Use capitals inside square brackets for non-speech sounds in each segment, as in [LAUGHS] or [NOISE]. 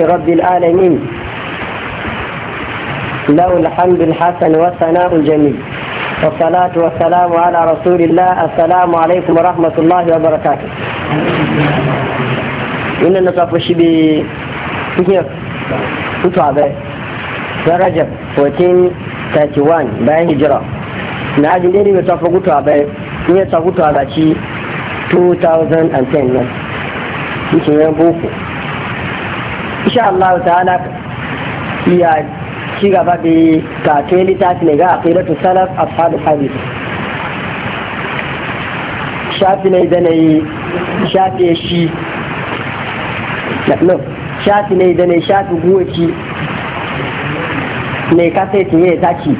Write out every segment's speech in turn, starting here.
رب العالمين له الحمد الحسن والثناء الجميل والصلاة والسلام على رسول الله السلام عليكم ورحمة الله وبركاته إن نصف الشبي كيف كتابة رجب 1431 تاتيوان hijira هجرة نعجل إلي mai tafi gutu a bai in ya 2010 nan cikin insha Allah ta'ala ya ci gaba da kafe littafi ne ga aqidatu salaf ashabu hadith shafi ne da yi shafi shi no shafi ne da nayi shafi guwaci ne kaseti ne taki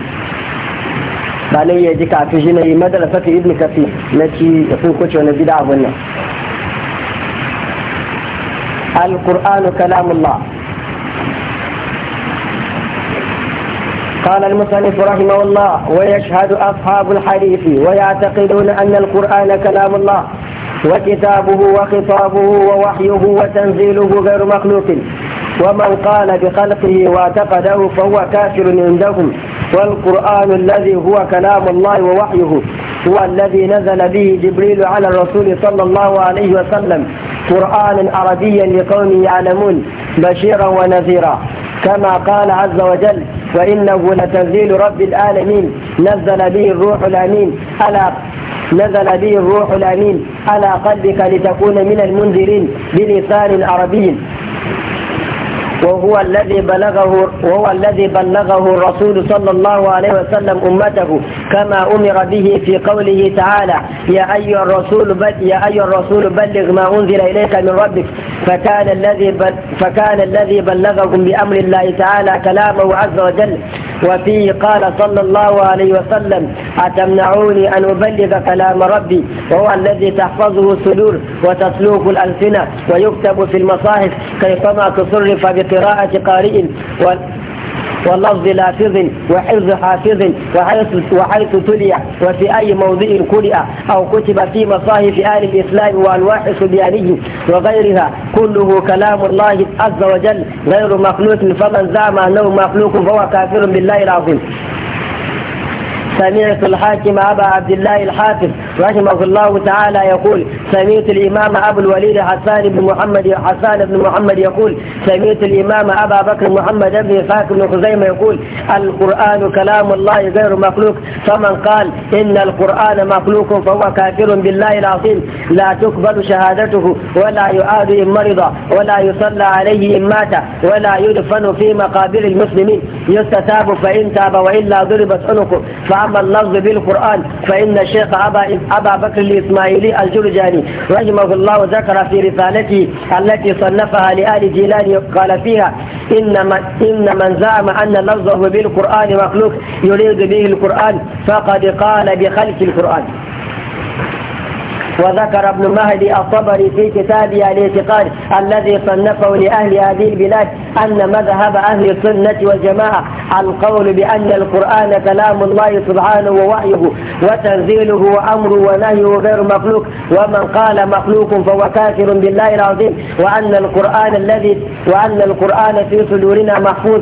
ba ne ya ji kafin shi ne madrasatu ibn kafi na ci ya fi kwace wani bida abun nan القرآن كلام الله قال المصنف رحمه الله ويشهد أصحاب الحديث ويعتقدون أن القرآن كلام الله وكتابه وخطابه ووحيه وتنزيله غير مخلوق ومن قال بخلقه واعتقده فهو كافر عندهم والقرآن الذي هو كلام الله ووحيه هو الذي نزل به جبريل على الرسول صلى الله عليه وسلم قرآنا عربيا لقوم يعلمون بشيرا ونذيرا كما قال عز وجل وإنه لتنزيل رب العالمين نزل به الروح الأمين على نزل به الروح الأمين على قلبك لتكون من المنذرين بلسان عربي وهو الذي بلغه وهو الذي بلغه الرسول صلى الله عليه وسلم أمته كما أمر به في قوله تعالى يا أيها الرسول يا أيها الرسول بلغ ما أنزل إليك من ربك فكان الذي فكان الذي بلغكم بأمر الله تعالى كلامه عز وجل وفيه قال صلى الله عليه وسلم أتمنعوني أن أبلغ كلام ربي وهو الذي تحفظه الصدور وتسلوك الألسنة ويكتب في المصاحف كيفما تصرف بقلب وقراءة قارئ ولفظ لافظ وحفظ حافظ وحيث تلي وفي أي موضع قرئ أو كتب في مصاحف آل الإسلام وألواح الصبياني وغيرها كله كلام الله عز وجل غير مخلوق فمن زعم أنه مخلوق فهو كافر بالله العظيم سمعت الحاكم أبا عبد الله الحافظ رحمه الله تعالى يقول سمعت الإمام أبو الوليد حسان بن محمد حسان بن محمد يقول سمعت الإمام أبا بكر محمد بن إسحاق بن خزيمة يقول القرآن كلام الله غير مخلوق فمن قال إن القرآن مخلوق فهو كافر بالله العظيم لا تقبل شهادته ولا يعاد إن مرض ولا يصلى عليه إن مات ولا يدفن في مقابر المسلمين يستتاب فإن تاب وإلا ضربت عنقه عام اللفظ بالقرآن فإن الشيخ أبا, أبا بكر الإسماعيلي الجرجاني رحمه الله ذكر في رسالته التي صنفها لآل جيلان قال فيها إن من, إن من زعم أن لفظه بالقرآن مخلوق يريد به القرآن فقد قال بخلق القرآن وذكر ابن مهدي الطبري في كتابه الاعتقاد الذي صنفه لأهل هذه البلاد أن مذهب أهل السنة والجماعة القول بأن القرآن كلام الله سبحانه ووحيه وتنزيله وأمره ونهيه غير مخلوق ومن قال مخلوق فهو كافر بالله العظيم وأن القرآن الذي وأن القرآن في صدورنا محفوظ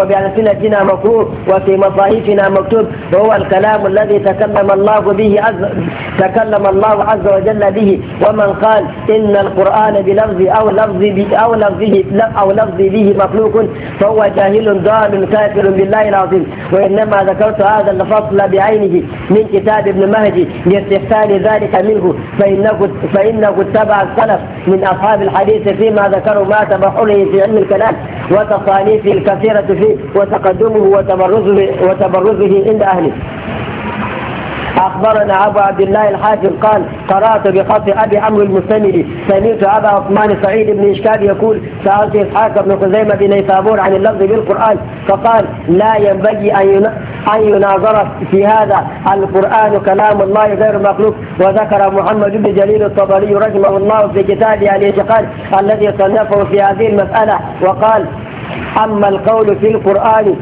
وبألسنتنا مكروه وفي مصاحفنا مكتوب وهو الكلام الذي تكلم الله به تكلم الله عز وجل به ومن قال إن القرآن بلفظ أو لفظ أو لفظه أو لفظ به مخلوق فهو جاهل ضال كافر بالله العظيم وإنما ذكرت هذا الفصل بعينه من كتاب ابن مهدي لاستحسان ذلك منه فإنه فإنه اتبع السلف من أصحاب الحديث فيما ذكروا ما تبحره في علم الكلام وتصانيفه الكثيرة فيه وتقدمه وتبرزه وتبرزه عند أهله أخبرنا أبو عبد الله الحاكم قال قرأت بخط أبي عمرو المستمري سمعت أبا عثمان سعيد بن إشكال يقول سألت إسحاق بن خزيمة بن نيسابور عن اللفظ بالقرآن فقال لا ينبغي أن يناظر في هذا القرآن كلام الله غير مخلوق وذكر محمد بن جليل الطبري رحمه الله في كتابه الاعتقاد الذي صنفه في هذه المسألة وقال أما القول في القرآن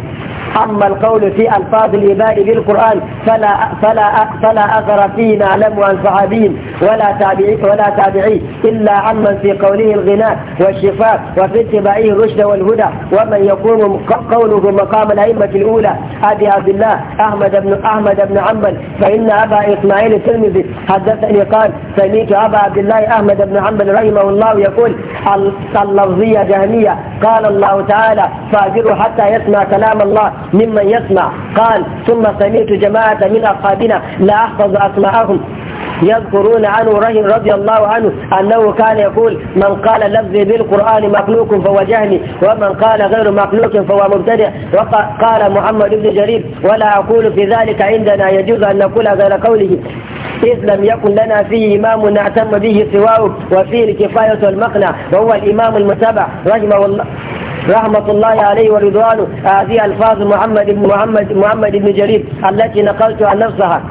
أما القول في ألفاظ الإباء بالقرآن فلا فلا فلا أثر فيه نعلم عن صحابين ولا تابعي ولا تابعي إلا عمن في قوله الغناء والشفاء وفي اتباعه الرشد والهدى ومن يقوم قوله مقام الأئمة الأولى أبي عبد الله أحمد بن أحمد بن حنبل فإن أبا إسماعيل الترمذي حدثني قال سميت أبا عبد الله أحمد بن حنبل رحمه الله يقول اللفظية جهمية قال الله تعالى فاجروا حتى يسمع كلام الله ممن يسمع قال ثم سمعت جماعة من أصحابنا لا أحفظ أسماءهم يذكرون عن رهن رضي الله عنه أنه كان يقول من قال لفظي بالقرآن مخلوق فهو جهني ومن قال غير مخلوق فهو مبتدع وقال محمد بن جرير ولا أقول في ذلك عندنا يجوز أن نقول غير قوله إذ لم يكن لنا فيه إمام نعتم به سواه وفيه الكفاية والمقنع وهو الإمام المتبع رحمه الله رحمة الله عليه ورضوانه هذه ألفاظ محمد بن محمد محمد بن جرير التي نقلتها نفسها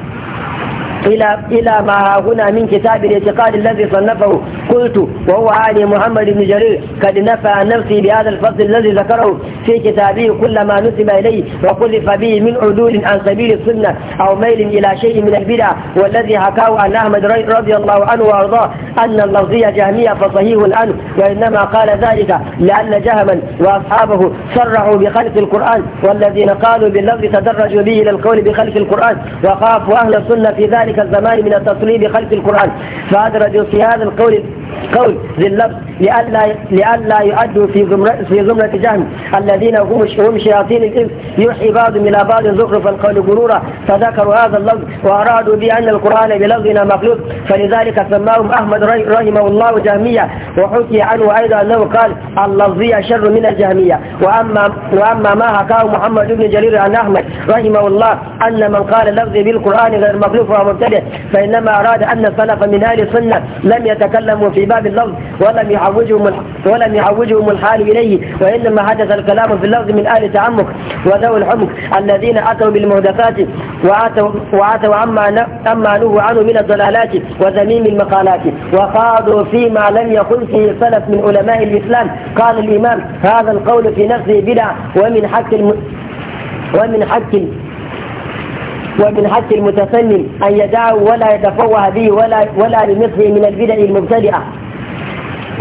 إلى إلى ما هنا من كتاب الاعتقاد الذي صنفه قلت وهو علي محمد بن جرير قد نفى عن نفسي بهذا الفصل الذي ذكره في كتابه كل ما نسب إليه وخلف به من عدول عن سبيل السنة أو ميل إلى شيء من البدع والذي حكاه عن أحمد رضي الله عنه وأرضاه أن اللفظية جهمية فصحيح الآن وإنما قال ذلك لأن جهما وأصحابه صرحوا بخلق القرآن والذين قالوا باللفظ تدرجوا به إلى القول بخلق القرآن وخافوا أهل السنة في ذلك ذلك الزمان من التصليب خلف القرآن فأدرجوا في هذا القول قول ذي اللفظ لئلا لئلا يؤدوا في زمرة في زمرة جهنم الذين هم هم شياطين الإنس يوحي بعض إلى بعض زخرف القول غرورا فذكروا هذا اللفظ وأرادوا بأن القرآن بلفظنا مخلوق فلذلك سماهم أحمد رحمه الله جهمية وحكي عنه أيضا أنه قال اللفظية شر من الجهمية وأما وأما ما حكاه محمد بن جرير عن أحمد رحمه الله أن من قال لفظي بالقرآن غير مخلوق فهو مبتدع فإنما أراد أن السلف من أهل السنة لم يتكلموا في باب اللفظ ولم يعوجهم ولم يعوجهم الحال إليه وإنما حدث الكلام في اللفظ من أهل التعمق وذوي العمق الذين أتوا بالمهدفات وأتوا وأتوا عما عما نهوا عنه من الضلالات وذميم المقالات وخاضوا فيما لم يقل فيه السلف من علماء الإسلام قال الإمام هذا القول في نفسه بدعة ومن حق الم... ومن حق ومن حق المتفنن أن يدعه ولا يتفوه به ولا, ولا لمثله من البدع المبتدئة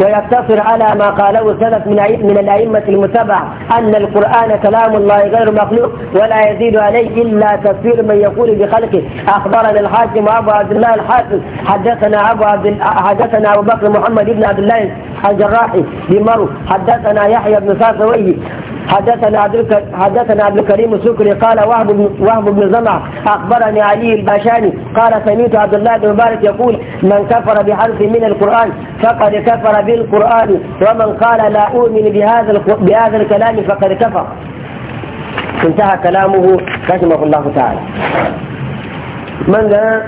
ويقتصر على ما قاله السلف من من الأئمة المتبع أن القرآن كلام الله غير مخلوق ولا يزيد عليه إلا تفسير من يقول بخلقه أخبرنا الحاكم أبو عبد الله الحاكم حدثنا أبو عبد حدثنا أبو بكر محمد بن عبد الله الجراحي بمرو حدثنا يحيى بن صافوي حدثنا عبد حدثنا عبد الكريم السكري قال وهب بن وهب بن زمع اخبرني علي الباشاني قال سمعت عبد الله بن مبارك يقول من كفر بحرف من القران فقد كفر بالقران ومن قال لا اؤمن بهذا بهذا الكلام فقد كفر انتهى كلامه رحمه الله تعالى من ذا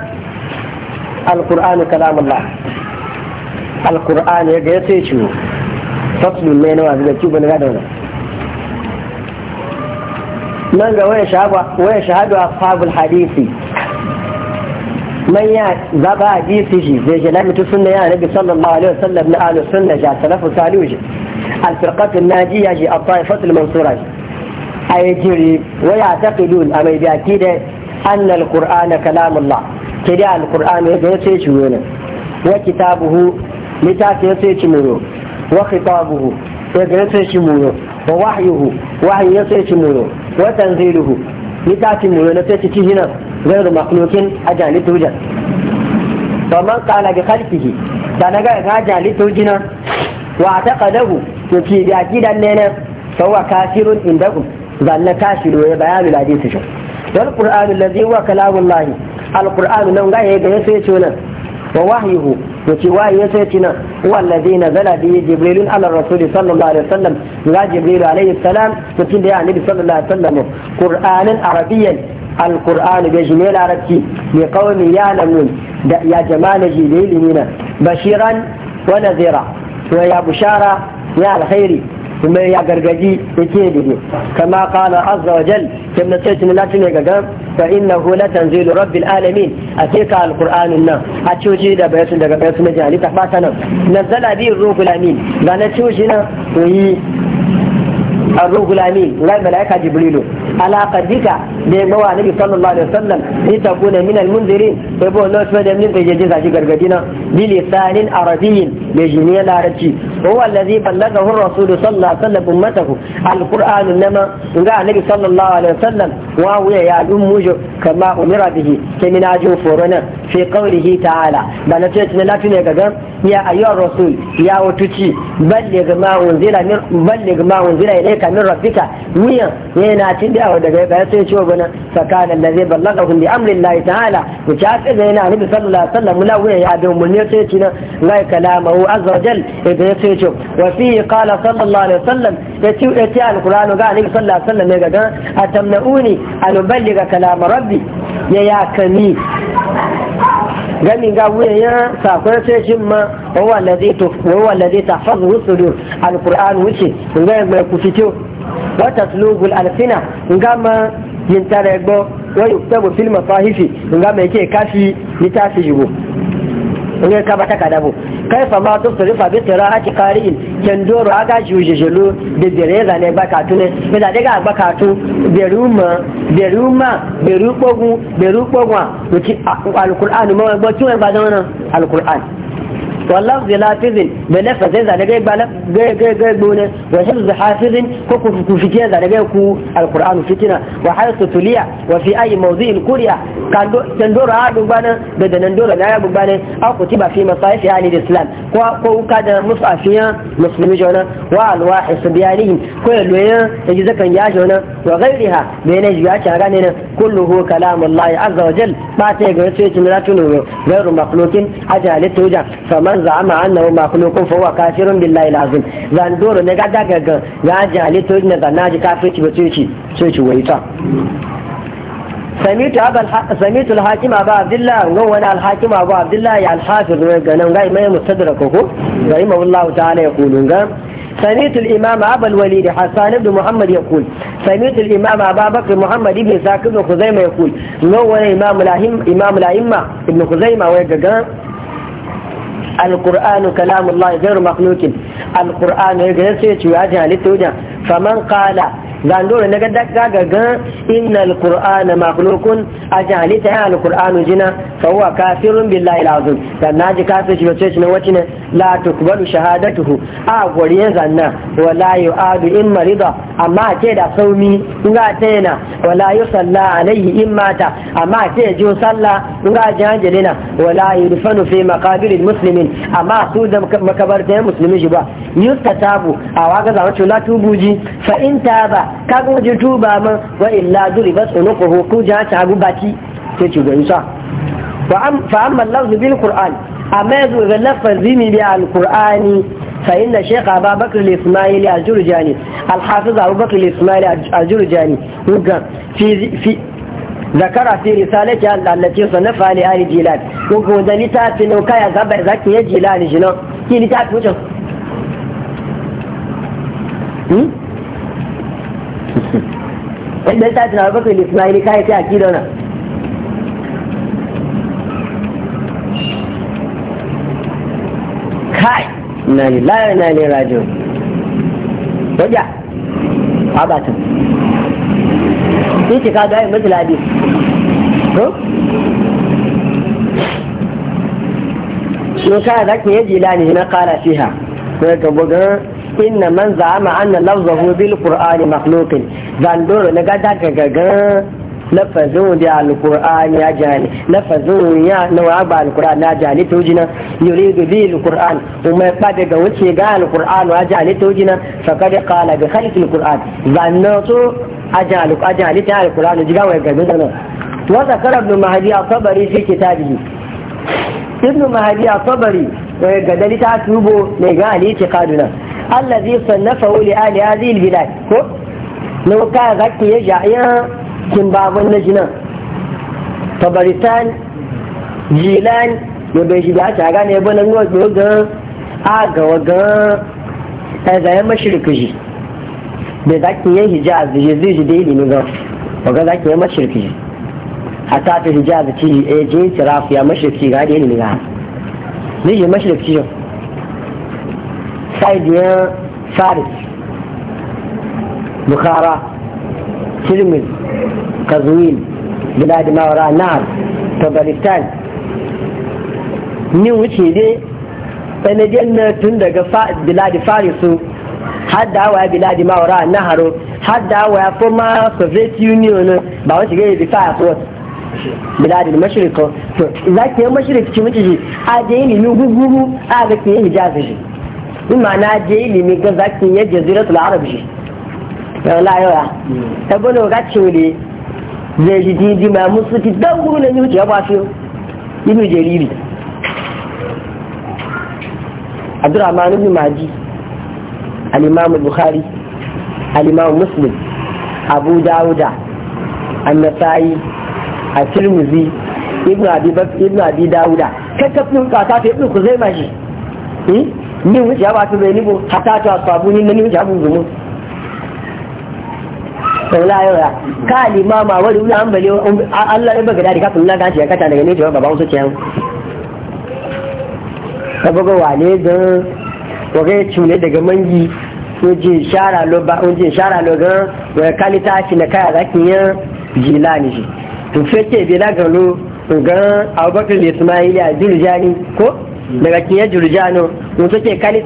القران كلام الله القران يجي شو فصل من وهذا شو بنغادر من ga waya shahaba waya shahadu ashabul hadisi man ya zaba hadisi ji zai ga lamitu sunna ya nabi sallallahu alaihi wasallam na ahlus sunna ja salafu salihu ji al firqatu najiya ji al taifatu al mansura ji ayajiri wa ya'taqidun amai bi akida anna al qur'ana kalamullah kidi al qur'an ya ga sai ci wani wa kitabuhu litafi ya sai ci muro wa khitabuhu ya ga sai ci muro wa wahyuhu wahyi ya sai ci muro watan zai duhu littafin mu na sai ciki hinan gairu makulokin a jalita wujan ba man kala bi ki, da na gaya ga jalita wujina wa ta kadahu to ki da gidan nene sau wa kafirun inda ku zanna kafiru ya bayanu ladin su shi wal qur'anu allazi wa kalamullahi al qur'anu nan gaya ga sai ce wannan ووحيه وتواه يسيتنا هو الذي نزل به جبريل على الرسول صلى الله عليه وسلم لا جبريل عليه السلام وكين يا النبي صلى الله عليه وسلم قرآنا عربيا القرآن بجميل عربتي لقوم يعلمون يا جمال جبريل منا بشيرا ونذيرا ويا بشارة يا الخير kuma ya gargaji yake dudu kama kana azza wa jal kin na tsaye lati ne gaga fa innahu la tanzilu rabbil alamin a ce ka alqur'anin nan a coci da bayatun daga bayatun na jihali ta fata nan nazala bi ruhul amin ga na coci nan to yi ar-ruhul amin ga malaika jibrilu ala qadika da ya gawa nabi sallallahu alaihi wasallam ni ta kuna min al munzirin sai bo Allah sai min da jeje zaji gargadi na bi lisanin arabiyyin da jiniya larabci ko wallazi ballagahu ar-rasul sallallahu alaihi wasallam ummatahu al-qur'an nama ga nabi sallallahu alaihi wasallam wa huwa ya dun mujo kama umira bihi ke min ajo forona fi qawlihi ta'ala da na ce ne lafi ne gaga يا أيها الرسول يا وتشي بلغ ما أنزل من بلغ ما أنزل إليك من ربك ويا هنا tinda yawo daga ya sai ciwo bana sakana da zai ballaka hun amrin lahi ta'ala ku ci haka zai na nabi sallallahu alaihi wasallam la wuya ya da mun ne sai ci na lai kalamahu azza wa da ya sai ciwo wa fi qala sallallahu alaihi wasallam ya ci ya ci alqur'anu ga nabi sallallahu alaihi wasallam ya ga atamnauni an uballiga kalam rabbi ya ya kani gami ga wuya sakon sai shi ma wa wallazi to wa wallazi tahfazu rusul alqur'an wuce ga mai ku fito wata slugul alfina ngama yin tare gbo wani uktabu fil masahifi ngama yake kashi litafi yugo ne ka bata ka dabo kai fa ma to sarifa bi qira'ati qari'in ken doro aga jujejelo de dereza ne ka tune me da daga baka tu beruma beruma berupogun berupogwa to ki alquran ma ba tun ba da wannan alquran واللفظ لا على لافظ بنفذ إذا لقي بونه وحفظ حافظ كوكو كوفيتيا على لقي كو القرآن فيتنا وحيث تليع وفي أي موضع كوريا كان تندور عاد بنا بدنا ندور لا يبغى بنا أو كتب في مصائف أهل الإسلام كو كو كذا مصافيا مسلم جونا والواحد سبيانين كل وين يجزا كان جونا وغيرها بين يجيات غانينا كله كلام الله عز وجل ما تيجي تيجي تنو غير مخلوق أجل توجع فمن man zama annahu makhluqun fa huwa kafirun billahi lazim zan doro ne gadda gaga ya ji na zanna zan naji kafirci ba ciki ciki waita samitu aba samitu alhakim aba abdullah wani alhakima aba abdullah ya alhasib ne ga nan gai mai mustadrak ko ga imamu allah ta'ala ya kulun ga samitu alimam aba alwalid hasan ibn muhammad ya kul samitu alimam aba bakr muhammad ibn saqib ibn khuzaimah ya ga wani imam alahim ibn khuzaimah wa ga القرآن كلام الله غير مخلوق القرآن يجلس يجلس وجه فمن قال zandoro na gadda gaga ga inna alqur'ana makhluqun ajali ta qur'anu jina fa huwa kafirun billahi alazim dan naji kafir shi bace shi na wace ne la tukbalu shahadatuhu a yan zanna wala yu'adu in marida amma ce da saumi nga tena wala yusalla alaihi in mata amma ce jo salla ga jangelina wala yudfanu fi maqabiril muslimin amma su da makabarta muslimin shi ba yustatabu a waga zawo la tubuji fa in taba kaga waje tuba man wa illa duri duriba ko ku ja ta gubati ke ci gani sa fa am fa amma lafzu bil qur'an amma zu ga lafzi mi bi al qur'ani fa inna shaykh ababakr al ismaili al jurjani al hafiz abubakr al ismaili al jurjani wuga fi fi ذكر في رسالته التي صنفها لآل جيلان وكو ده لتاتي نو كايا زبا زكي يا جيلان جنو كي لتاتي وجه inda ta tunawa bakar ismaili kayan ta akida na kai na ne layar na ne rajo wajen abatin sun ce ka gaya mutu ladi ko? sun kaya za ka yi jila ne na kara fiha ko ya gabo gan inna man za'ama anna lafzahu bil qur'ani makhluqin zan doro na gada gagaga lafazin da alqur'ani ya jani lafazin ya nawa ba ya jani to jina yuridu ba wuce ga alqur'ani ya jani to jina faqad qala bi khalqil qur'an zan to ajalu ajali ta alqur'ani jiga wai da na wa zakara ibn mahdi al fi kitabihi ibn mahdi al-sabari wai ta tubo ne ga ali kaduna الذي صنفه لأهل هذه البلاد لو كان ذاك يجعيا من باب النجنة فبرسان جيلان يبيجي بها تعقان يبنى نقول بيوغا آقا وقا هذا يما شرك جي بذاك يهجاز جزي جدي لنقا وقا ذاك يما شرك جي حتى في الهجاز تيجي ايجين سرافيا مشرك جي غادي لنقا ليجي مشرك جي Saidiyar faris bukhara tirmin kazuwin biladi nahar tabaristan ni wuce dai sanadiyar na tun daga biladi farisu har da hawa ya biladi mawara naharo har da hawa ya former soviet union ba wacce gaya bi fire force biladi mashirika to za ki yi mashirika cikin wuce shi a da yi limin gugugu a ga ke yi hijazi shi in ma na je ilimi ga zaki ya jaziratul arab shi yau la yau ya bano ga cewa zai ji didi ma musu ti dan guru ne yuce ya ba shi ibn jariri abdurrahman ibn maji al-imam al-bukhari al-imam muslim abu dauda an-nasa'i at-tirmidhi ibn abi bakr ibn abi dauda kakafin kata ta ibn kuzaima shi ni wuce ya ba su zai nibo hata ta sabu ni nani wuce abu zumu saula yau ya ka limama wani wuce an bale Allah ya baga dadi kafin lagan shi ya kata daga ne cewa gaban su ce yan ka baga wale don wage cune daga mangi oje shara lo ba oje shara lo ga wa kalita shi na kaya zakin yan jilani shi to feke bi na galo ga Abubakar Ismail ya ko daga kiyar jirjani wato ke kani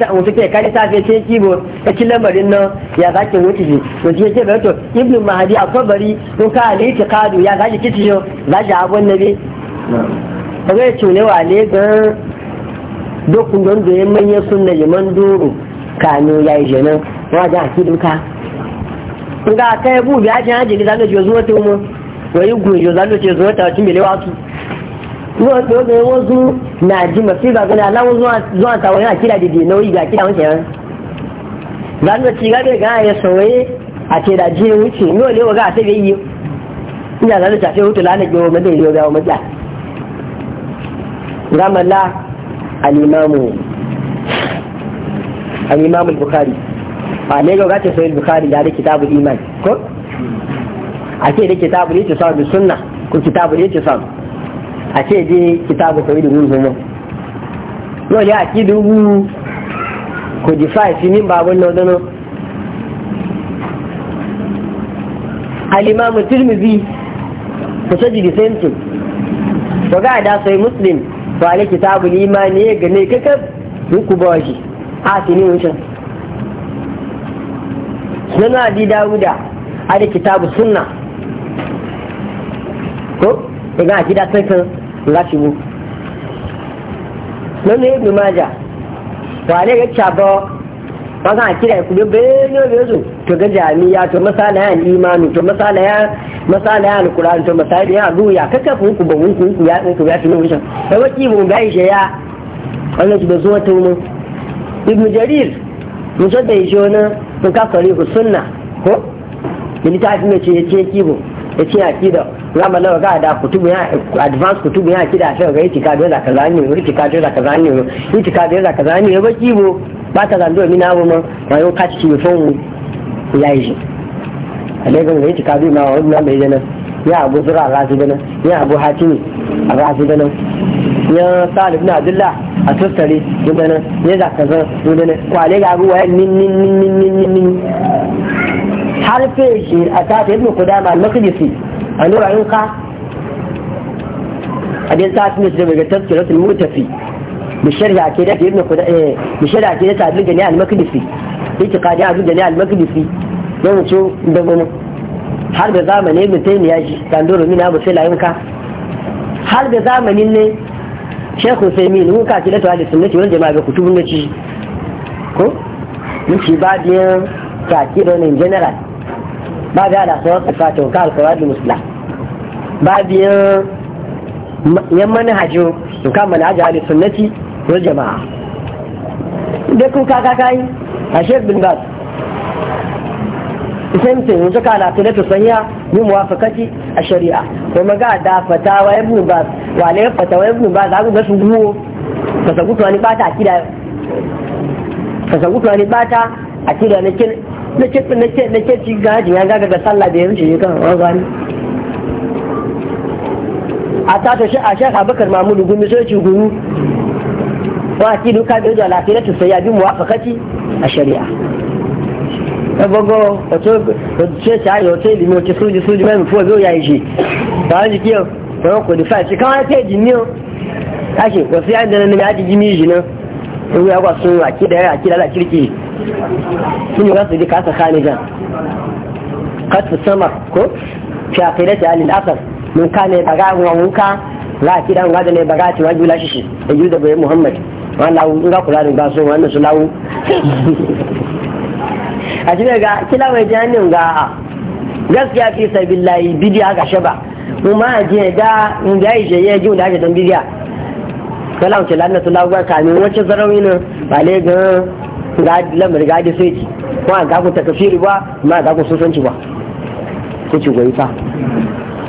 ta fiye kibo ta ci lamarin nan ya zaki wuce shi wato ji ce to ibn mahadi a kwabari ko ka aliti kadu ya zaki ki kici yau za abun nabi ko ga ci ne wale ga dokun don da ya manya sunna liman doro kano yayi yi jenan wa ga ki duka in ga kai bu ya ji hajji ne za ka ji zuwa ta umu wani gunjo za ka ce zuwa ta wacin belewa su zuwa to ga wasu na ji mafi ba gani ala zuwa ta wani akida da dai nauyi ga kida wancan zan da ciga da ga ya soye a ce da je wuce ni wale ga ta bai yi ina zan ta sai hutu lana go madan yo ga maja gamala al-imamu al-imam ne ga ta sai bukhari da kitabul iman ko a ce da kitabul ita sa sunna ko kitabul ita sa a ce dai kitabu tawhid mun zuma yau ne dubu ko fa fi min babun no dano al-imam tirmidhi ko saji the same thing to ga da sai muslim to ale kitabu imani ga ne kaka duku ba shi a tini wucin sunan di dauda a da kitabu sunna ko ga da sai kan láti mu lónìí èdè máa jà wà ní ẹgbẹ́ tsabọ́ wọn kàn kí ẹ̀kú ló bẹ́ẹ̀ tó gẹ́jà mi ya tó mọ́sálà yà ní tó ma yà ya kura tó mọ́sálà yà lóò kẹ́kẹ́ fún kùbọ̀ wọn kù kù yà kù yà tìlú wíṣọ ẹwọ́ tí ìwọ̀n bá ìṣe yà wọn lọ tìbẹ̀ zuwọ́ tó mu ibùdó jarir musa da ìṣe ọ nǹkan kọ̀rí kò sunna ko? Bìlítà fi mẹ́tì yẹ ya ce akida rama lawa ga da kutubu ya advance kutubu ya kida sai ga itika da zaka zani ne itika da zaka zani ne itika da zaka zani ne ba kibo ba ta zando mina ba ma wayo ka ci fon ya yi alaikum ga itika da ma wannan mai jana ya abu zura ga su dana ya abu hatimi su dana ya salib na abdullah a tattare dana ya zaka zan dana kwale ga ruwa nin nin nin nin nin har sai shi a ta ta ibnu kudama al-maqdisi ka A din sa tunis da daga tafsiratul mutafi da eh, ta ابن خدا al بشرع كده تعب الجميع المقدسي اعتقاد al الجميع don wuce da دمو har da zamanin mutum ya shi tandoro mina ba sai ka har da zamanin ne shekhu sai min mun ka ci da tawali sunnati wal jama'a ga kutubun ne ci ko mun ci ba da ta ki da ne general ba ga da sauran tsakato ka alkurani musula ba biyan yan manhajin to ka manhajin ahli sunnati ko jama'a da kun kaka kai a shek bin bas mutum thing yanzu kala lafi da sanya yi muwafakati a shari'a kuma ga da fatawa bin bas wale fatawa bin bas za ku guwo ka sagu bata a kida ka sagu bata a kida na kin na ce na ce na ce ci gaji ya gaga ga sallah da yanzu shi kan wani a ta ta a shek abakar mamudu gumi sai ci gumi wa ki duka da jala fi na tusaya bi muwafaqati a shari'a ta gogo ce ta yi wato ilimi wato suji suji mai fuwa zo ya yi ta wani kiyo ta wani kudi fa ci kawai ta yi jini o ta ce wasu yanzu na nemi aji jini ji na? sun yi gwa sun aki da yara aki da kirki sun yi wasu dika ta jan kasu sama ko fi aqidati da asar mun ka ne baga wa mun za a kidan gada ne baga ci wajula shi shi da yuda bai muhammad wannan lawu in ga kula da gaso wannan su lawu [LAUGHS] a cikin ga kila mai jihannin ga ah, gaskiya fi sabillahi bidiya ga shaba kuma je da in ga yi je ya ji da ake don bidiya kala wuce lana su lagwa kamin wacce zarauni ne ba le ga lamar gadi sai ci ko ga gagun takafiri ba ma a gagun sosanci ba ku ci goyi fa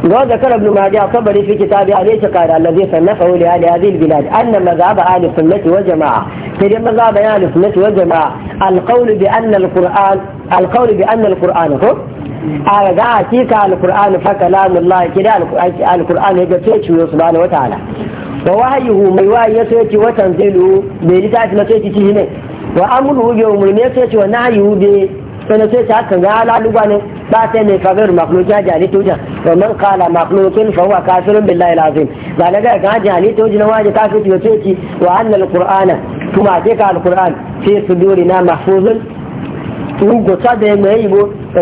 وذكر ابن ماجه الطبري في كتابه عليه قال الذي صنفه لأهل هذه البلاد أن مذهب أهل السنة والجماعة تجد مذهب أهل السنة والجماعة القول بأن القرآن القول بأن القرآن هو آية قاعتيك القرآن فكلام الله كده القرآن يجب سبحانه وتعالى ووحيه ميواي يسويتي وتنزله بلتاعة ما سويتي تهني وأمره يوم الميسويتي ونعيه بلتاعة sannan sai ta haka ga alaluwa ne ba sai mai fagar makhluki haji ali tujan wa man qala makhlukin fa huwa kafirun billahi alazim ba na ga ga haji ali tujan waje ya ce wa anna alqur'ana kuma ka alqur'an fi sudurina mahfuzun da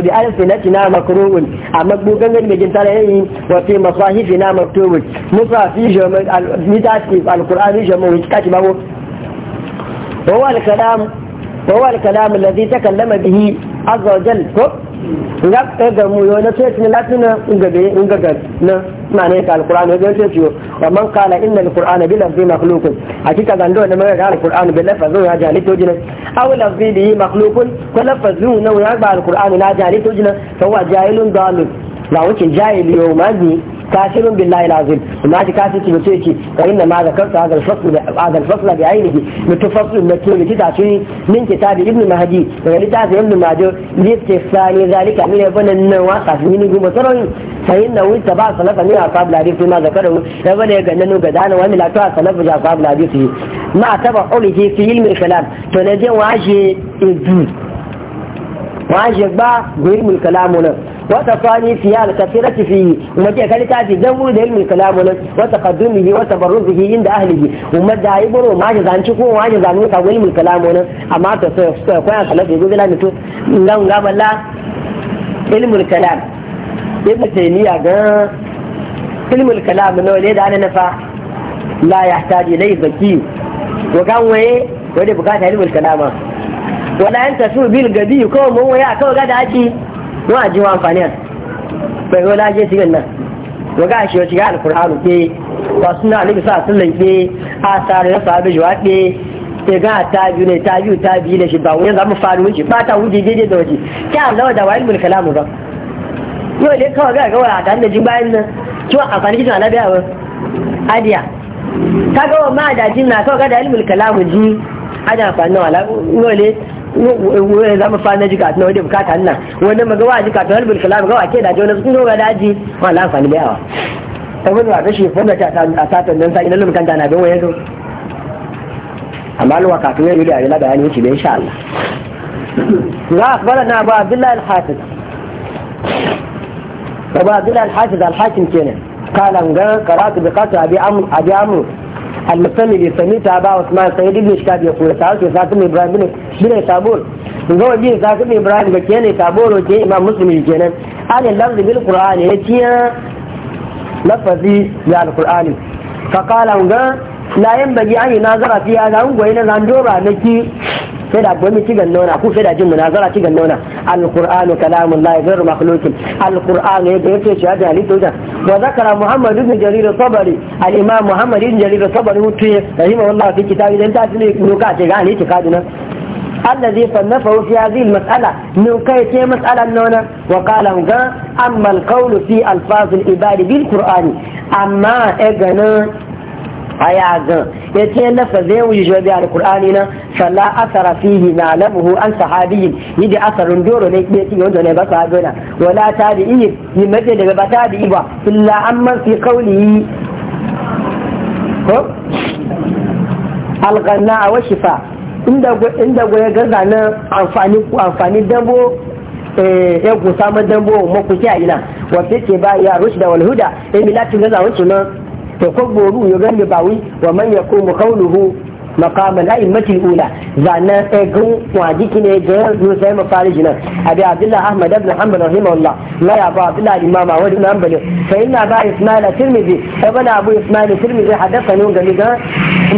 da bi na tina makruun amma bugan gani mai tare yayi wa fi masahifi na maktubun musa fi jamal al-mitasi al-qur'an kaci wa azogen wa ko nga e ga mu yo na tace na latina inga be inga ga na mane ka alquran ga tace yo wa man qala inna alqur'ana bi lafzi makhluq hakika ga ndo na ma ga alqur'ani bi lafzi ya jali to jina aw lafzi bi makhluq ko lafzi na ya ba alquran na jali to jina fa huwa jahilun dalil ba wuce jahili yo maji كافر بالله العظيم ما شي كافر كي بتوكي وإنما ذكرت هذا الفصل هذا الفصل بعينه متفصل متون كتابي من كتاب ابن مهدي وقال تعالى ابن مهدي لاستحسان ذلك من يبنى النواقع من يقوم ترى فإنه اتبع سلف من أصحاب الحديث فيما ذكره يبنى يجنن وجدان وأن لا ترى سلف من أصحاب الحديث ما تبعه في علم الكلام تنجي واجي الدين واجي با غير الكلام ونفسه Wata kwani fiye alkafi rasu fiye, mu mafi yakan kashi kafin ta fi don muke da ilmin kalamu na, wata faduniyoyi, wata fararruki, yin da ahilgi, mu da ya baro mu masha zaane ko mu masha zaane ko yin mu yi a ko ilmin kalamu na. Amma atukai a kwayan kalafe ko kila muke, ga mu ga Bala ilmin kalamu, ilmin taimiyoyi gan, ilmin kalamu nawa nafa? La yaftaje lai baki, wa ka waye, wa bukata ilmin kalamu a, ta su biyu ga biyu kawai mu a kawai gada aci? wọ́n àjí wọn àǹfààní àti pẹ̀lú ọlájẹ́ sí gẹ̀ẹ́nà wọ́n gáà ṣe ọtí gáà alùpùránù pé wàsúnà àlébùsà àtúnlẹ̀ pé àtàrẹ̀ lọ́fà àbẹ̀jọ wá pé wọ́n yẹn fàánù wíjì pátá wíjì dédé dọ̀jì kí ba, dàwà ìlú ìrìnkà láàmù gan yóò lè kọ́ ọ̀gá ìgbọ́wọ̀ àtàlẹ̀ jí náà kí wọ́n àǹfààní kí wọ́n alábẹ́ wani zama fa na jika na wani bukata nan wani magawa a jika ta halbul kalam gawa ke da jona sun ga daji ma la amfani da yawa ta wani wa gashi fanda ta a satan nan sai na lumkan da na bin waye zo amma lowa kafin ya yi da yana bayani wuce bai insha Allah ga akbara na ba Abdullahi al-Hafiz ba Abdullahi al-Hafiz al-Hakim kenan kalan ga karatu bi qata abi amr abi amr المسلم اللي سميته أبا عثمان سيد بن شكاب يقول سألت إسحاق بن إبراهيم بن بن تابور نقول بن إسحاق إبراهيم بكين تابور وكين إمام مسلم الجنان عن اللفظ بالقرآن يتيا لفظي يا القرآن فقال هنا la yan bagi an yi nazara fi a zan goyi na zan dora na ki sai da gwami ci gan nona ku sai da jin munazara ci gan nona alqur'anu kalamun la ghayr makhluqin alqur'anu ya da shi shahada halittu da wa zakara muhammad ibn jarir sabari al imam muhammad ibn jarir sabari mutu wallahi fi kitabi dan ta ne ko ka ce ga halittu kaduna الذي صنفه في هذه المسألة نوكيتي مسألة نونا وقال أما القول في ألفاظ العباد amma e إجنا aya ga zai wuyi wuji jabi alkur'ani na salla asara fihi na lamuhu an sahabi da asarin doro ne ke ci wanda ne ba sahabina wala ta iya yi mace daga ba ta iya ba illa amma fi kauli yi alghanna a shifa fa inda gwaya gaza na amfani dambo eh, ya gusa ma dambo mu a ina wa ke ba ya rushe da walhuda eh milatu gaza wancin nan to ko boru yo gande bawi wa man yaqumu qawluhu maqamal a'immatil ula zanna e gun waji kine ga Musa ibn Farid nan abi Abdullah Ahmad ibn Hanbal rahimahullah la ya ba Abdullah imam Ahmad ibn Hanbal fa inna ba Ismail Tirmidhi ibn Abu Ismail Tirmidhi hadathani ga ga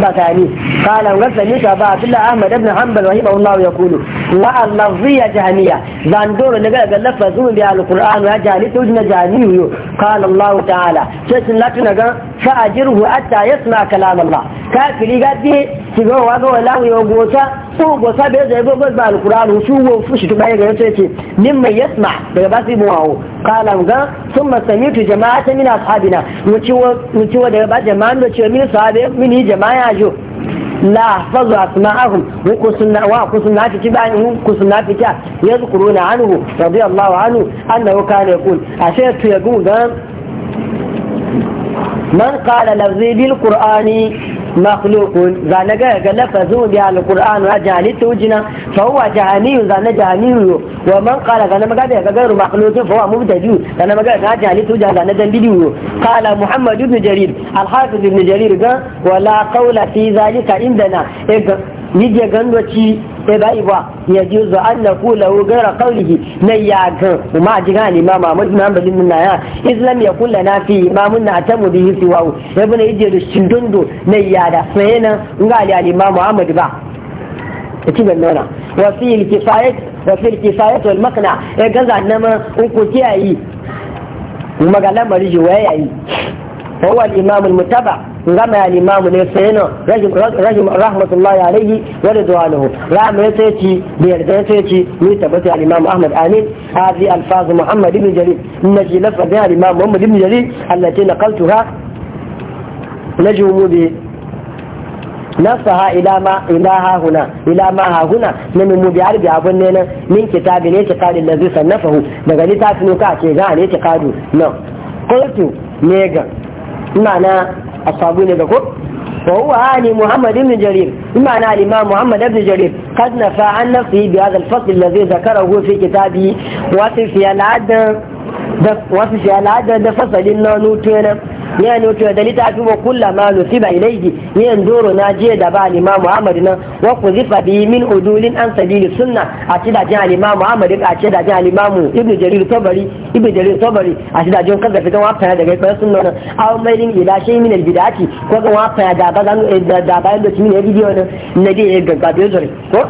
bakani qala wa sami ta ba Abdullah Ahmad ibn Hanbal rahimahullah yaqulu wa al-lafziyya jahmiya zan doro daga ga lafazun bi al-Qur'an ya jahili to jina jahili qala Allah ta'ala sai sun ga fa ajirhu hatta yasma kalam kafiri ga shiga wa ga wala ya gota ko gota bai zai ba ba alqur'ani su wo fushi shi bai ga yace ce min mai yasma daga ba su muwawo kala ga sun samitu jama'a ta mina wuci wa wuci daga ba jama'a da ce min sahabe mini jama'a jo la fazu asma'ahum wa kusunna wa kusunna ta tiba in kusunna fita yazkuruna anhu radiyallahu anhu annahu kana yaqul ashe ya yagu ga man qala lafzi bil qur'ani Maklo ɗin zane gari ga lafas zogin biya al'ƙur'an a janito jina Faho wajahamiyun zane jahamiyun yo wa mun ƙara zane magarabiya ka gari maklo jin Faho wa muda zane magarabiya zane janito jina zane dambiriyu yo kala muhammadu biya ɗari biyu alhaji jarir ga biyu wala a kawuna siyi zaziri inda na ega. nije gandoci ɗai e ba iba ya ji zo an na kula hu gaira kaulihi na ya gan kuma ji gani ma mamun na balin na ya islam ya kula na fi mamun na ta mudi yi siwa ya na ije da dundu na ya da sai na ga ali ali ma muhammad ba ta ci gannona wa fi al-kifayat wa fi al wal maqna ya gaza ma in ku kiyayi magana ga lamarin ji e wa huwa al-imam mutaba gama ya limamu ne sai yana rahim rahmatullahi alaihi wa radwanuhu rahma yace ci bi yarda sai ci ni tabbata ya limamu ahmad amin hadi alfaz muhammad ibn jalil naji lafa da limamu muhammad ibn jalil allati naqaltuha najumu bi nasaha ila ma ila ha huna ila ma ha huna min mubiyar bi abun ne nan min kitabi ne ta kadi lazi sanafahu daga litafin ka ce ga ne ta kadu no ne ga ina na أصابون بكم وهو آل محمد بن جرير بمعنى الإمام محمد بن جرير قد نفع عن نفسه بهذا الفصل الذي ذكره في كتابه وصفه العدن da wasu shi al'adar da fasalin na nutu yana ya nutu da littafi wa kulla ma ba ilaihi yin doro na je da ba alima Ahmad nan wa ku zifa bi min udulin an sabili sunna a ci da jin alimamu Ahmad a ci da jin alimamu Ibn Jarir Tabari Ibn Jarir Tabari a ci da jin kan da fitan daga kai sunna nan aw mailin ila shay min al bid'ati ko kan wafa da ba zan eh, da ba da cikin bidiyo nan na dai eh, ga gabe zuri ko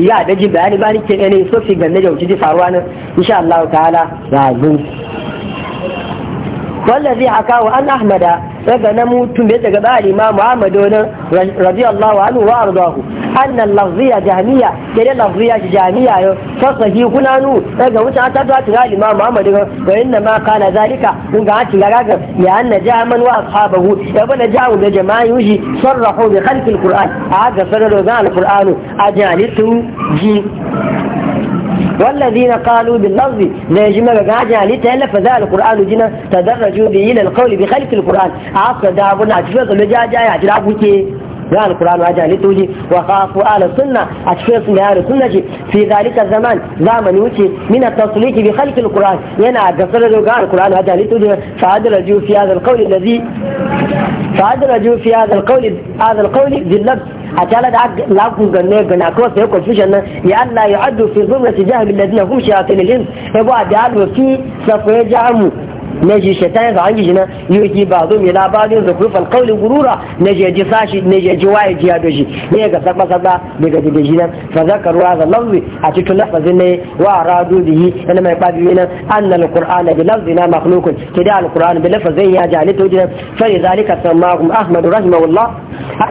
ya da ji bayani ba ke ne so fi ganne da wuce faruwa nan insha Allah ta'ala ya gunsu zai haka wa an ahmada daga na mutum da daga ba alima muhammadu wani radiyallahu anhu wa ardahu anna lafziya jami'a kire lafziya shi jami'a yo fa kuna nu daga wuta ta ta tira alima muhammadu wa da ma kana zalika kun ga ci garaga ya anna jaman wa ashabahu ya bada ja'u da jama'i yuji sarrahu bi khalqi alquran aga sararo والذين قالوا باللفظ لا يجمع بقاعد يعني تهلا فذا القرآن جنا تدرجوا به إلى القول بخلف القرآن عصر دابنا عشفة لجاجة عشرة بوتي ya alkur'ani wa jahili tuji wa khafu ala sunna a cikin su yaro sunna ce fi zalika zaman zamani wuce min at-tasliki bi khalqi alkur'an yana gasar da ga alkur'ani wa jahili tuji fa adra ju fi hadha alqawl alladhi fa adra ju fi hadha alqawl hadha bil a tala da lafu ganne gana ko sai confusion nan ya Allah ya addu fi zumrati jahil alladhina hum shayatin al-ins e ba da alwaki safa jamu نجي شيطان زعان جنا يؤتي بعضهم إلى بعض زخرف القول غرورا نجي جساش نجي جواي جيادوشي نيجا سبا سبا نيجا جينا فذكروا هذا اللفظ أتيتو لفظ إنه وأرادوا به إنما يقابل هنا أن القرآن بلفظنا مخلوق كده القرآن بلفظين يا جعلته جينا فلذلك سماهم أحمد رحمه الله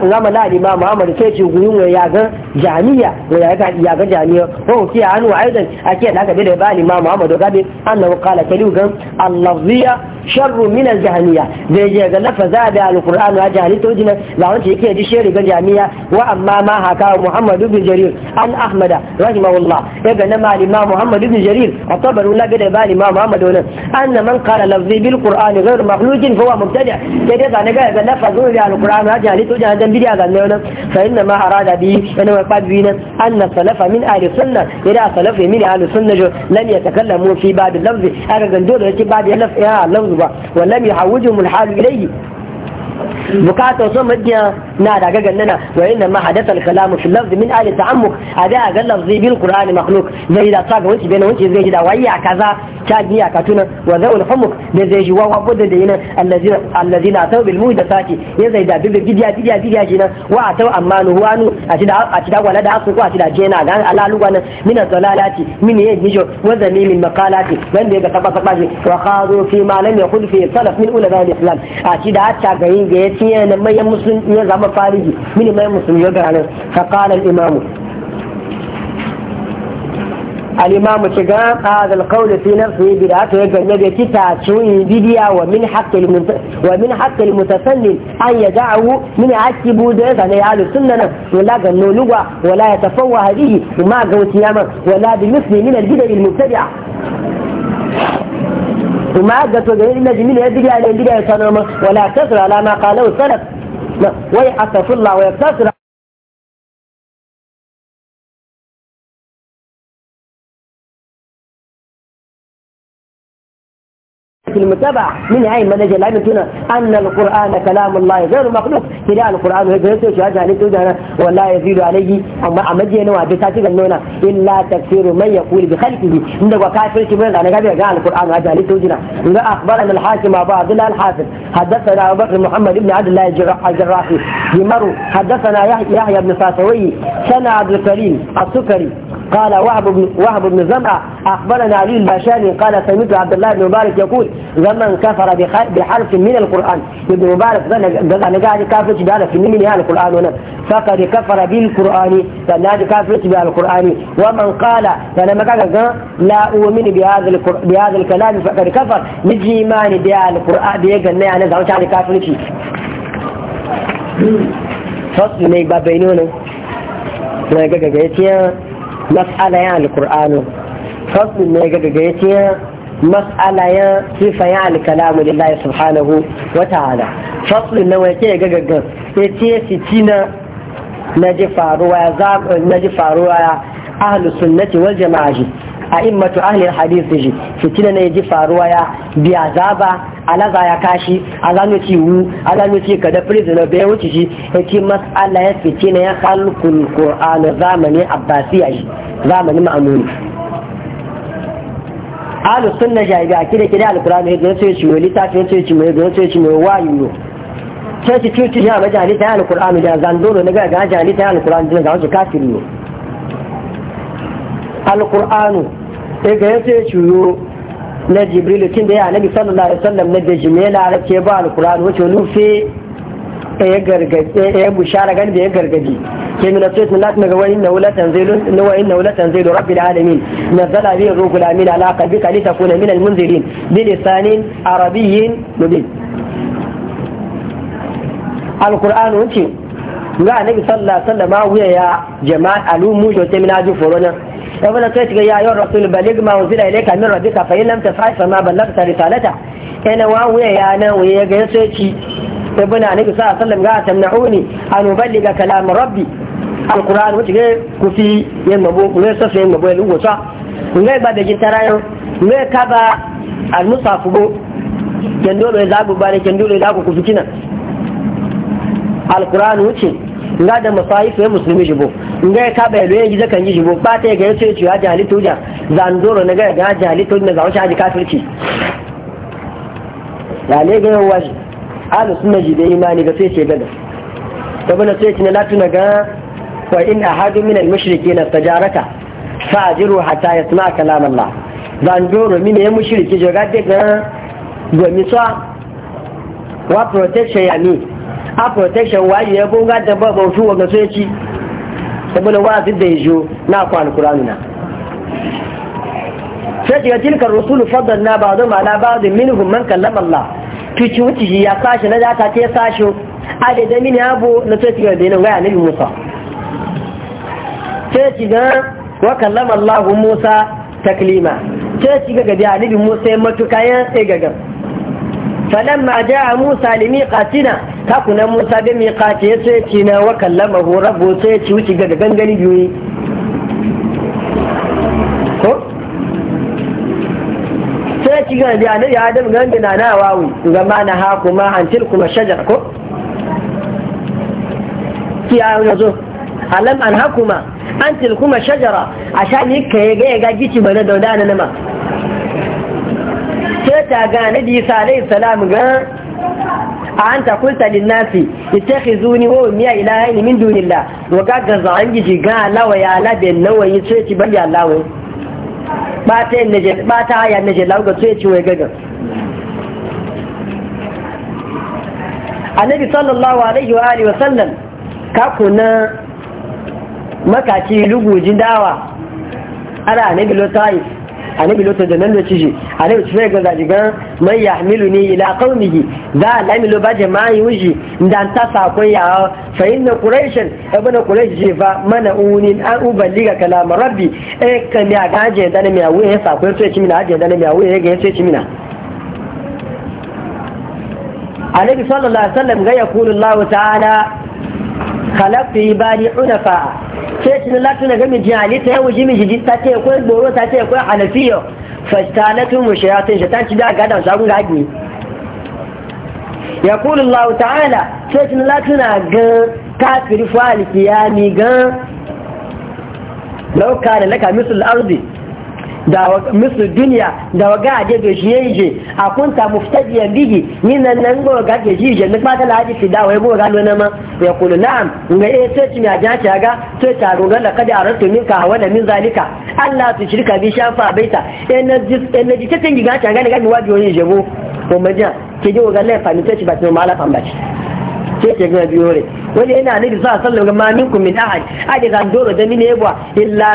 لما لا الإمام أحمد سيتي غيوم ياغا جامية وياغا ياغا جامية وهو كي عنه أيضا أكيد لك بلبال الإمام أحمد وقابل أنه قال كليوغا اللفظ día شر من الجهنية زي جاء قال فزاد على القرآن وجهل تودنا لا أنت يك يدي شر الجهنية وأما ما هكا محمد بن جرير عن أحمد رحمه الله إذا نما لما محمد بن جرير أعتبر ولا قد بالي ما محمد ولا أن من قال لفظي بالقرآن غير مخلوق فهو مبتدع كذا قال نجا قال فزاد على القرآن وجهل تودنا هذا بدي هذا نونا فإنما أراد به أنه قد بينا أن سلف من أهل السنة إذا سلف من أهل السنة لم يتكلموا في باب اللفظ أرجع دور في باب اللفظ يا لفظ ولم يحوجهم الحال إليه بكاته صمت نادا جعلنا وإنما حدث الكلام في اللفظ من آل تعمق هذا أقل لفظي بالقرآن مخلوق زيدا ساق وانت بين وانت زيدا ويا كذا كاجنيا كتونا وذو الحمق بزيج وهو بود دينا الذين الذين أتوا بالمود ساتي يزيدا بيبي جديا جديا جديا جينا وأتوا أمانه وانو أتدا أتدا ولا دا أسوق أتدا جينا عن على لوانا من الزلالات من يد نجو وذمي من مقالاتي من بيجا سبا سبا وخاضوا فيما لم يخذ في الصلف من أولى الإسلام أتدا أتشاقين جيتين ما يمسلم يزعم مفارجي من إمام مسلم يقرأ عليه فقال الإمام الإمام تقام هذا القول في نفسه بدعته يقول نبي تتعشوه بديا ومن حق المنت... ومن حق المتسلل أن يدعه من عكي بودس أن يعالي سننا ولا قنولوة ولا يتفوه هذه وما قوت ياما ولا بمثل من البدع المبتدعة وما قلت وقال إلا جميل يبدي ولا تسر على ما قاله السلف ويحسف الله ويكتسر المتبع من هاي المنهج لا يمكن أن القرآن كلام الله غير مخلوق كلا القرآن غير شهادة لتودنا ولا يزيد عليه أما أمجينا وعدتاتي قلنا إلا تكفير من يقول بخلقه من دقوا كافر شبنا أنا قبل قال القرآن هذا لتودنا أخبرنا الحاكم أبو عبد الله الحافظ حدثنا أبو بكر محمد بن عبد الله الجراحي بمرو حدثنا يحيى بن فاسوي سنة عبد الكريم السكري قال وهب بن وهب بن زمعة أخبرنا علي الباشاني قال سمعت عبد الله بن مبارك يقول زمن كفر بحرف من القرآن ابن مبارك قال قال كافر بحرف من القرآن ونم فقد كفر بالقرآن قال كافر بالقرآن ومن قال ما قال لا أؤمن بهذا بهذا الكلام فقد كفر نجي ما نبيع القرآن لي انا زوجة على كافر فصل ما يبقى بينونه ما يقول mas'ala ya alƙur'anu faslin ne ga daga yace mas'ala ya sifa ya alkalamu lillahi subhanahu wa ta'ala faslin ne wa yake ga gaga ya fitina na ji faruwa ya na ji faruwa ya ahlus sunnati wal jama'a a immatu ahalin hadith ji fitina na ji faruwa ya biya azaba alaza ya kashi azanu ci wu azanu ci kada prisoner bai wuce shi ya ce mas'ala ya fice na ya halkul qur'an zamanin abbasiya shi zamanin ma'amuni alu sunna jaibi ga kida kida alquran ne don sai ci mai littafi sai ci mai don sai ci mai wayu ce ci cuci ya ba jahili ta alquran da zandolo ne ga ga jahili ta alquran din ga wasu kafin ne alquranu sai ga ci ciyo na jibril tun da ya nabi sallallahu alaihi wasallam na jimela arabce ba alquran wato lufe eh, ya gargaje eh, ya bushara gan da ya gargaje ke min asayt min latna wa inna la tanzilu wa inna la tanzilu rabbil alamin nazala bi ruhul amin ala qalbika litakuna min al munzirin bi lisanin arabiyyin mubin alquran wato ga annabi sallallahu alaihi wasallam ya jama'a alumu jote min aji forona Yana soya cikin ya'yanu da wasu al'umma a yi rafiki yi rafiki a yi rake a yi min rabi a yi fahimta ba su tafi da tarata. Kana da wasu ya yi a nan a yi ya kai soya ciki. A yi bane an yi fisa a sallan mu ke a tamina aure ne a nuna ba ne na riga kalama rabbi. Al'Qur'an wancen kofi ya yi maboko, kuma yaya kofi ya yi maboko ya yi wasuwa. Kuma yaya kuma yaya kaba al'umma su a fi bo can dole zaka ɓubani, can dole zaka kufi tunan. Al'Qur'an nga da masayi ya musulmi jibo nga ya kaba yalo yanzu zakan yi jibo ba ta ga yace ce ya jali tuja zandoro na ga ga jali to na ga wata haji kafirci la ne ga yawa ahlu sunna jibe imani ga sai ce gada to bana sai ce na na ga wa in ahadu min al-mushrikeena tajaraka ajiru hatta yasma kalam Allah zandoro mine ya mushriki joga ga gomi so wa protection ya ni a protection waje ya gunga da ba ba su waga sai ci saboda wa da yajo na kwan qur'ani na sai ga tilka na ba da ma la ba'd minhum man kallama Allah kici wuci ya sashi na da ta ce sashi a da mini abu na sai ga dinin ga annabi Musa sai ci ga wa kallama Allah Musa taklima sai ci ga da annabi Musa matuka yan sai ga ga falamma ja'a Musa limiqatina kakuna musa da mai kace ya ce ci na wa kallama ho Rabu sai ya ci wuce ga gangani biyu ko sai ya ci ga biya ne ya adam gangana na wawu ga mana ha kuma antil kuma shajar ko ki ya yazo alam an hakuma antil kuma shajara a sha ni ka ya ga gici bane da wani ma. sai ta gane da isa alayhi salam ga a anta kulta lin nasi ittakhizuni wa miya ilahin min dunillah wa ga ga zan giji ga lawa ya labe lawa yi ce ci bari Allah ba ta ne je ba ta ya ne je lawa ga ce ci wai gaga annabi sallallahu alaihi wa alihi wa sallam ka kuna makaci lugujin dawa ana annabi lotai annabi lota da nan da ci shi annabi ci fai ga zajigan man ya hamilu ni ila qaumihi za a lami lo ba jama'i wuji da ta sakon ya fa inna quraishan ibn e quraish je fa mana unin an uballiga kalam rabbi e kan ya gaje dan ne mai awu sa sakon sai ci mina aje da ne mai awu ya ga sai ci mina annabi sallallahu alaihi wasallam ga yaqulu allah ta'ala kalafi ibadi unafa sai na latin ga mi jali ta yawo jimi jiji ta ce ko boro ta ce ko hanafiyo fastanatu mushayatin shaitan ci da ga da zagun ya yaqulu allah ta'ala sai tin na latin ga kafiri fa alkiyami ga lauka da laka misul ardi da misu duniya da waga aje da shi yayi je a kunta muftadiyan bihi ni nan nan go ga ke shi je ne ba ta laji fi da wai go ga na ma ya kulu na'am eh, ga eh sai ci mi aja ta ga sai ta go ga laqad ka minka wa la min zalika Allah tu shirka bi shafa baita energy energy ta tangi ga ta ga ga mi wajo yin jebo ko maja ke je go ga la fa ni ta ci ba ta mala fa ba ci sai ke ga biyo wani yana nabi sa sallam ga mamin ku min ahad ake zan doro da mine yabwa illa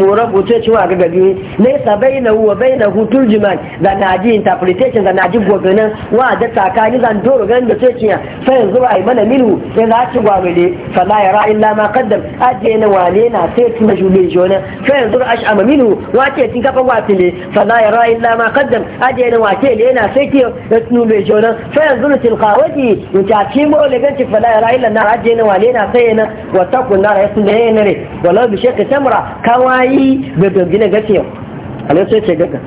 mu rabu ce cewa ga gabi ne sabaina wa bainahu turjuman da naji interpretation da naji gobanan wa da tsakani zan doro ga da ce ciya fa yanzu ai mana minu sai za ci gwamale fa la yara illa ma qaddam aje na wale na sai ci majule jona fa yanzu ash'ama minu wa ce tin kafa wa fili fa la yara illa ma qaddam aje na wa ke le na sai ki tsunu mai jona fa yanzu tilqawati in ta ci mo le ganci fa la yara illa na ajiye na wale na sai na wata kunna da ya da yayin ne walau bi shekka tamra kawai da dangina gace yau alai sai ce gaga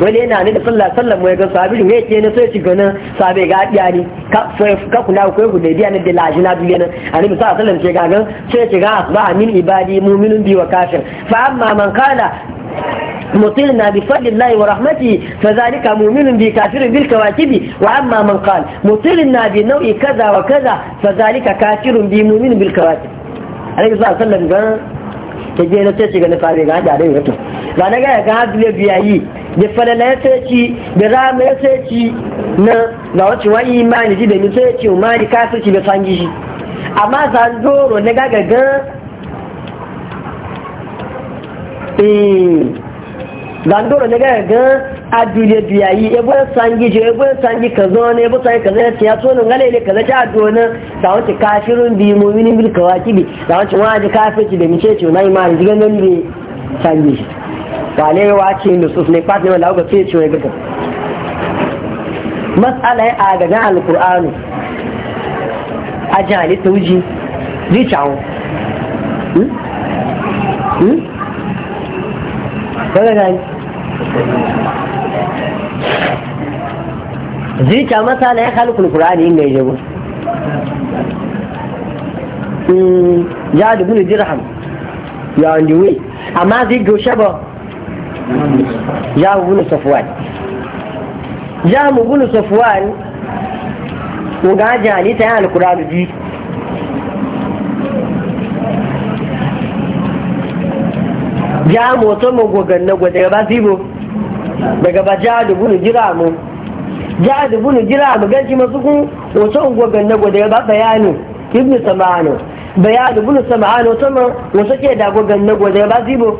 wani yana ne da sallah sallah mai ga sabi ne ce ne sai ci gana sabe ga adiya ne ka sai ka kula ko ku da biya ne da laji na biya ne annabi sallallahu alaihi wasallam ce ga gan sai ce ga asba min ibadi mu'minun bi wa kafir fa amma man kana مطيلنا بفضل الله ورحمته فذلك مؤمن به كافر بالكواكب وأما من قال مطيلنا بنوع كذا وكذا فذلك كافر به مؤمن بالكواكب عليه الصلاة والسلام kaje na sai shiga na ga da dai wato ba na ga ga hadle yi da falala ya sai da rama ya sai na ga wacce wani imani ji da ni sai ci umani kafirci da sangi shi amma zan doro na ga ga eh gandoro ne ga ga adule biyayi ebo sangi je ebo sangi kazo ne ebo sangi ne ya so nan galele kaza ta dona da wace kafirun bi mu'minin bil bi da wace waje kafirci da mice ce na imani diga nan bi sangi wale wace da sus ne fatin wala ga ce ce ga mas'ala ya aga na alqur'ani a jali tauji ji chawo Hmm? Hmm? Kau dah zuciya na ya halukul qur'ani inda ya jebo ya hmm, dubu dirham ya wani the amma zai doshe ba ya gudu safuwan ya mu bunu safwan ko ga jali ta alqur'ani ya moto mu gogan na ba daga ba ja jihar bunu jira mu jihar bunu jira mu ganci masu kun wata unguwa na gwada ya ba bayanu ibn sama'ano bayanu bunu sama'ano ma wata ke dago gogan na gwada ya ba zibo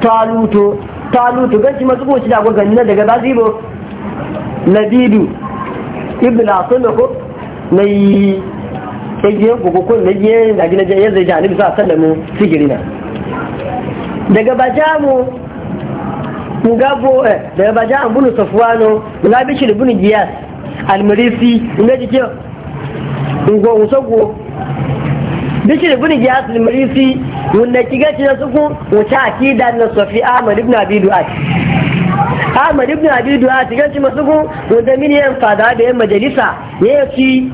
taluto taluto ganci masu kun wata da gogan na daga ba zibo labidu ibn ko, na yi ƙaggiyar kukukun na yi da gina jan yanzu jihar nabi sa sallamu sigirina daga ba jamu nga bo ba eh, bajan an bunu safuwano nga bishir bunu giyas almarisi nga jike ngo usogo bishir bunu giyas almarisi wanda kiga ci na suku wuce akida na sofi ahmad ibn abi du'at ahmad ibn abi du'at kiga ci masuku wanda mini yan fada da yan majalisa ya ci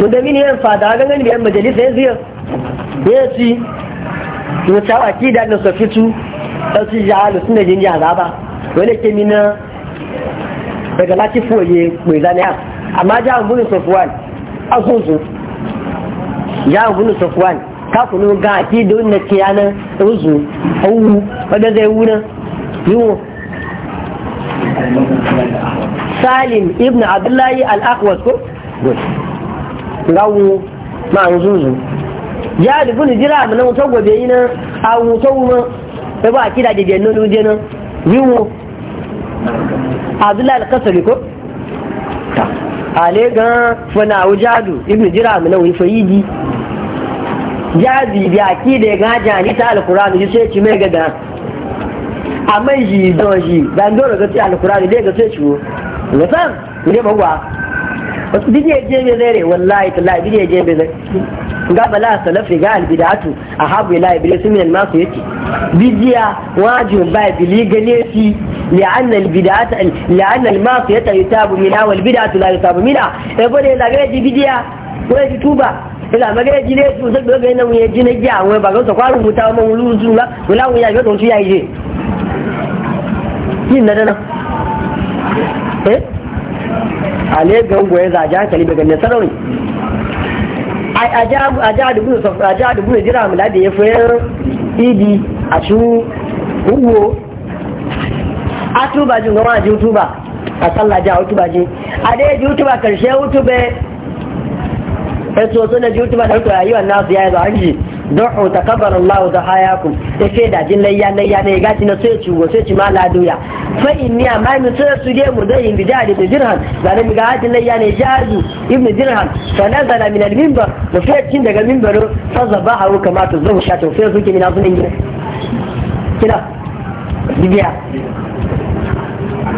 wanda mini yan fada gangan da yan majalisa ya ziyo ya ci wuce akida na sofi tu ɗansu ya halu suna jin ya zaba wani ke mina daga lati foye mai zane ya amma ja an bunu sofuwan a sunsu ja an bunu wani, ta kunu ga aki da wani ke yana ruzu a wuru wadda zai wuna yiwu salim ibn abdullahi al-akwas ko good gawo ma'an zuzu ya da bunu jira mu na wutar gobe yi na a wuta wutar sai ba a kira da biyan nan wajen nan yiwu abdullahi alkasari ko ale gan fana wujadu ibnu jira mu na yi yidi jazi bi akide ga jani ta alquran ji sai ci mai a mai ji don ji dan dole ga ci alquran dai ga sai ciwo ga san ne ba wasu ya je bai zai re wallahi tallahi ya je bai zai ga bala salafi ga albidatu a habu ila masu yake bidiya ba bili gane shi لأن البدعة لأن المعصية يتاب منها والبدعة لا يتاب منها يقول إذا ويجي توبة a ba rubuta ma na dana eh ale gango ya zaji hankali daga ne sarauni a ja dubu da a ja dubu da jira mula da ya fayar idi a shi hugo a tuba jin gama a ji ba a sallah ja ba ji a dai ji ba karshe hutube ya so suna ji ba da hutu a yi wannan su ya yi zuwa du'u taqabbala Allah dhahayakum yace da jin layya layya ne gaci na sai ci go sai ci mala doya fa inni amma mi sai su ge mu da yin bidari da dirham zalim ga jin layya ne jazu ibnu dirham fa nazala min al-minbar da sai cin daga minbaro fa zabahu kama to zabu sha to sai suke min azun ingila kila bibiya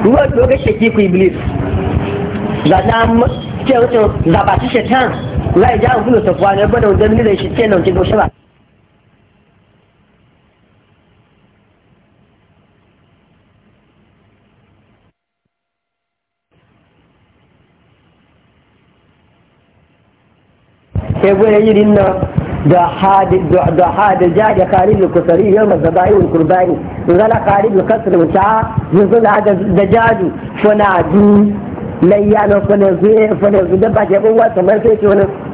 ruwa doga shaki ku iblis zalam ke wato zabaci shaitan láì já òfin òsòfò àná ẹgbẹ́ náà jẹ́mi nílẹ̀ ìṣe tí ẹ̀ náà ti gbọ́ ṣẹ́wà. ẹgbẹ́ yẹn yìí nà ضحى دجاج قارب الكسري يوم الزبائن والقرباني غلا قارب الكسر وشعى يزول هذا دجاج فنادي ليانا فنزوي فنزوي دبا جابوا واسمار فيش ونزوي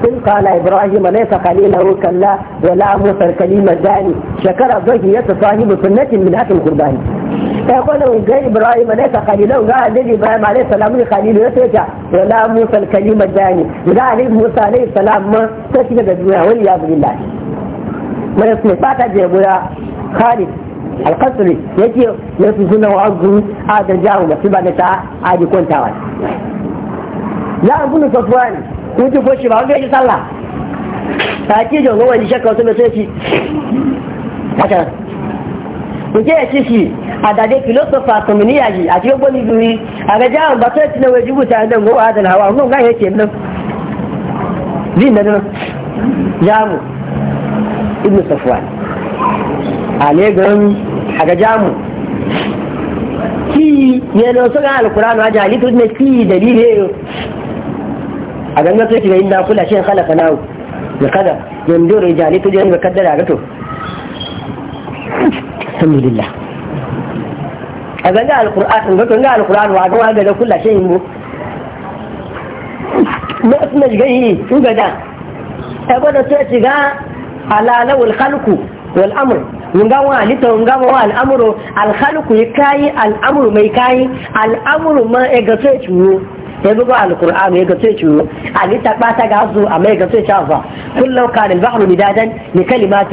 sun kala ibrahim laisa qalilahu kalla wala musa kalima dani shakara zaki yata sahibu sunnatin min hatim qurbani ya kwanan ga ibrahim laisa qalilahu ga annabi ibrahim alayhi salam ne Khalil, yata ta, wala musa kalima zani. ga annabi musa alayhi salam ma sai daga da duniya wal ya billah mai sun fata je gura khalid alkasri yake ya su suna wa azu a da jawo ba da ta aji kwantawa ya abu ne kun ci foshi ba wanda ya ji sallah ta ki jan goma ji shakka wasu mai sai ci haka nke ya ci shi a dade filosofa kamaniya ji a cikin gwani duri a ga jihar ba sai ci na waje buta da goma da hawa mun ga yake nan zin da nan jamu ibn safwan a legon a ga jamu ki ne na suka alkurano a jihar litur na ki dalilin a gangan sai kiga inda kula shin khalaqa nahu da kada yanzu jali to jani kaddara ga to alhamdulillah a ganga alqur'an ga ganga alqur'an wa ga ga da kula shin mu na suna shiga yi su ga da ta gwada sai shiga alalawul khalqu wal amr mun ga wa alita mun ga wa al'amru al khalqu yi kai al'amru mai kai al'amru ma ga sai ciwo ya buga alquran ya ga sai ci ali ta ba ta ga su amma ya ga ci azza kullu kan albahru midadan li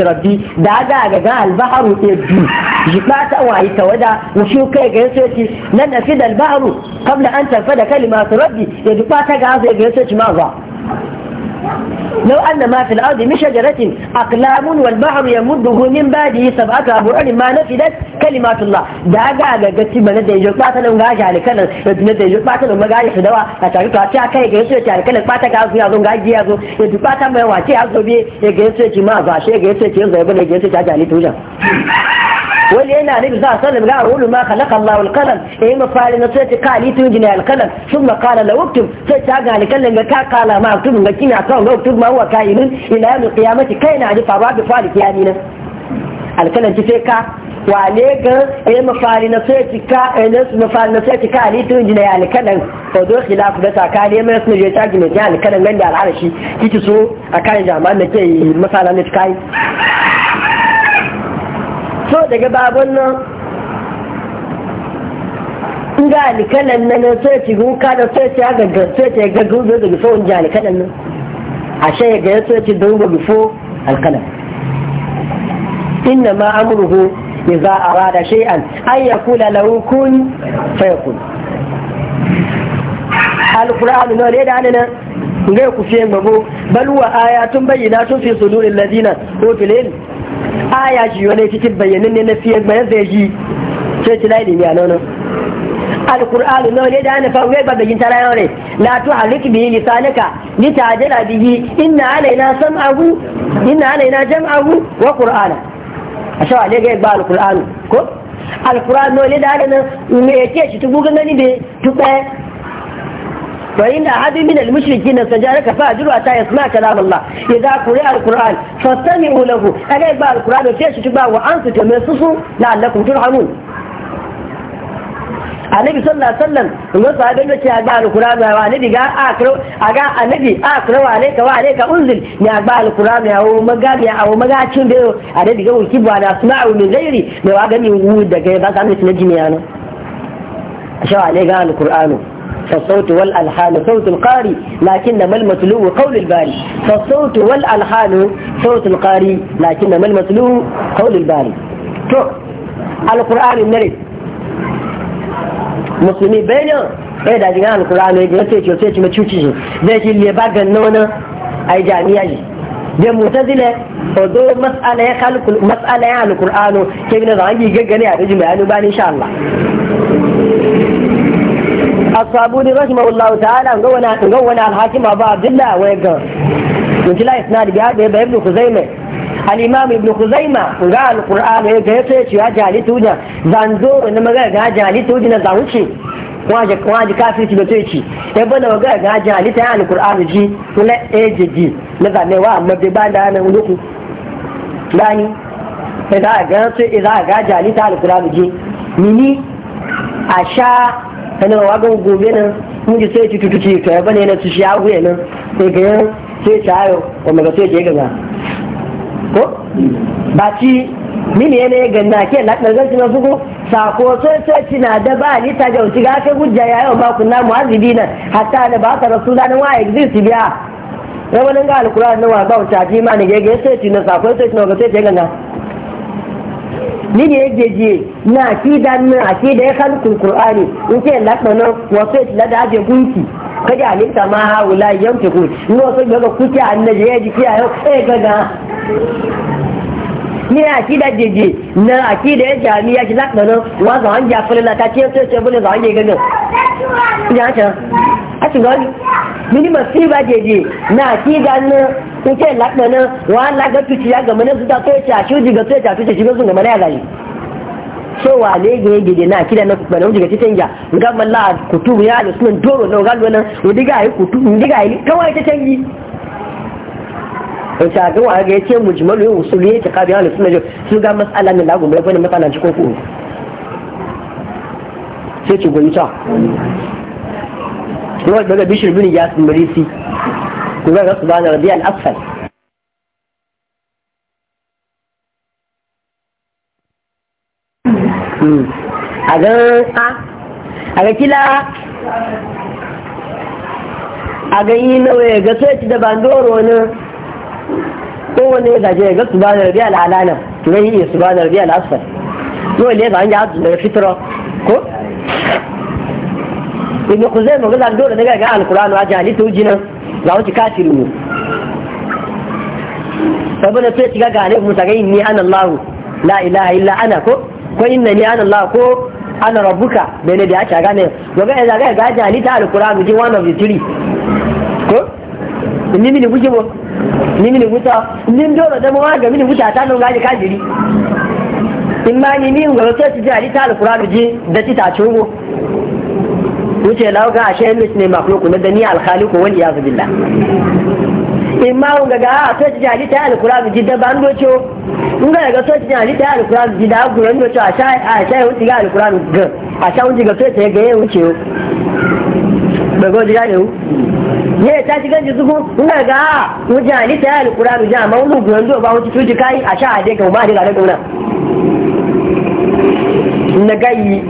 rabbi da ga ga ga albahru ya bi ji ba wayi tawada wushi kai ga sai ci nan nafid albahru qabla an tanfada kalimati rabbi ya ba ta ga su ya ga sai ci ma azza لو أن ما في الأرض من شجرة أقلام والبحر يمده من بعده سبعة أبعد ما نفدت كلمات الله دا قاعدة قتي ما ندي جو باتا إيه لو غاش على كلا ندي جو باتا لو مغاي سدوا أتاري كاتي أكاي جيسو تي على كلا باتا كازو يازو غاي جيازو يدو باتا ما واتي أزو بي يجيسو تي ما زاشي يجيسو تي زي بني يجيسو تي أجاني توجا wani yana nabi za a sallam ga hulu ma khalaqa Allah al qalam eh ma fali na sai ka ali tun jina al qalam sun ma qala la uktum sai ta لك al qalam ga ka kala ma uktum duk ma huwa kainun ila yawmil qiyamati kaina ba bi fali kiyamina alkalan sai ka wale ga e mafali na sai ci ka ina su mafali na sai ci ka ali tun jina ya alkalan ko do khilafu da kali mai sun je ta gina ya alkalan nan da al'arshi kici so a kan jama'an da ke masala ne kai so daga babun nan in ga alkalan nan sai ci guka da sai ci ga sai ci ga gudu ashe ga ya so ci dunga bifo alkalam inna ma amruhu idza arada shay'an an yakula lahu kun fayakun alquran no le da nan ngai ku fiye mabo bal wa ayatun bayyinatun fi suduril ladina utul ilm aya ji wani cikin bayyanin ne na fiye bayan zai ji sai tilai ne ya nono القران لو لدى انا فوي بابا جنتر يوري لا تحرك به لسانك لتعدل به ان علينا سمعه ان علينا جمعه وقرانا اشوا عليك يبقى إيه القران كو القران لو لدى انا مي تيشي تبوغن مني بي تبقى فإن أحد من المشركين سجارك فأجروا أتى يسمع كلام الله إذا قرأ القرآن فاستمعوا له أليس بقى القرآن وشيش تبقى وأنصت من لعلكم ترحمون annabi sallallahu alaihi wasallam kuma ga da ke a ga alkur'ani wa annabi ga akro a ga annabi a kro wa ne ka wa ne ka unzil ya a ga alkur'ani ya wo maga ya wo maga cin da annabi ga wuki ba da suna'u min ghairi ne wa ga ni wu da ga ba ta mutum jini ya sha wa ne ga alkur'ani فالصوت والألحان صوت القاري لكنما المتلو قول الباري فالصوت والألحان صوت القاري لكنما المتلو قول الباري تو القرآن النرد musulmi bayan ɗaya da jiran alkur'ani ya gina sai sai cime cuci shi zai shi le ba ganna wani a yi jami'a shi da mutazile odo mas'ala ya ya alkur'ani ke gina zaman gi gaggane a rijin bayanu ba insha Allah asabuni rahimahullahu ta'ala ga wani ga wani alhakima ba wa wai ga mutila isnad ga bai ibn kuzaimah al'imam ibn khuzaima ga al-qur'an ya ga yace ya jali tuja zo ne magana ga jali tuja na zawuce waje waje kafirci da tuci ya bana magana ga jali ta al-qur'an ji kula ejeji na zane wa amma bai bada da nan luku dani idan ga sai idan ga jali ta al-qur'an ji mini a sha kana ga gobe nan mun ji sai tutuci to ya bane na su shi ya nan sai ga sai tayo kuma ga sai ga ga ko ba ci mini yana ga na ke na ɗargar na su ko sako ci na da ba ni ta jauci ga ake gujja ya yau ba kunna mu'azzibi nan hatta da ba ta rasu da wa exist biya rawanin ga alkur'an na wa ba wuta ji ma ne ga ga ci na sako ci na ga sojoji ga na ni ne yake je na dan na da ya kan kur'ani in ke na ɗanar wasu ya da ake gunki kaji halitta ma yau ke kuri in wasu daga kuke annaje ya jiki a yau sai eh, gaga ni a da jeje na a da ya jami ya ki zaka nan wa za an jafar na ta ce sai ce bude za wani yi gaga ya ce a ci gani mini ba jeje na a kida na kuke lakna nan wa lagatu ci ya ga mana su ta sai a shuji ga sai ta tuce shi ga sun ga mana ya gani so wa ne ga gide na kida na kuma wuce ga titan ya ga malla kutubu ya da sunan doro na ga wannan wudi ga kutubu wudi ga kawai ta canji in ta ga wa ga yace mujmalu usul yace ka biya sunan su ga mas'ala ne lagu mai bane mas'ala cikin ku sai ci goyi ta ko daga bishir bin yasmurisi ko ga subhana rabbiyal asfal a ga kila a yi nawa ya ga soci da bandoro ne kowane ya gaje ya ga su banar biya al'alanan turai iya su banar biya al'asfar dole ne ga an yi azu daga fitro ko ibn kuzai mu gaza dole daga ga alkur'anu a jihali ta ujinan za wuce kafiri mu. sabon da sai shiga ga gane musa ga yi ni an allahu la ilaha illa ana ko ko inna ni ana Allah ko ana rabbuka da ne da aka gane daga ya zaga ga jani ta alquran ji one of the three ko ni mini buje bo ni mini buta ni ndoro da mu ga mini buta ta nan ga ka jiri in ma ni ni ngoro ta ji jani ta alquran ji da ti ta chugo wuce lawa ga ashe ne makhluq na dani alkhaliq wal iyaz billah imma un ga a ah, so ci jali ta alquran jidda ban do cho un ga ga so ci jali ta alquran jidda guran do cho a sha a sha un ci ga alquran ga a sha un ci ga so ci ga yau ce ba go ji ne ne ta ci ganji zugu un ga ah, ga un jali ta alquran ja ma un guran do ba wuce ci tuji kai a sha a de ga ma de ga da gona na gayi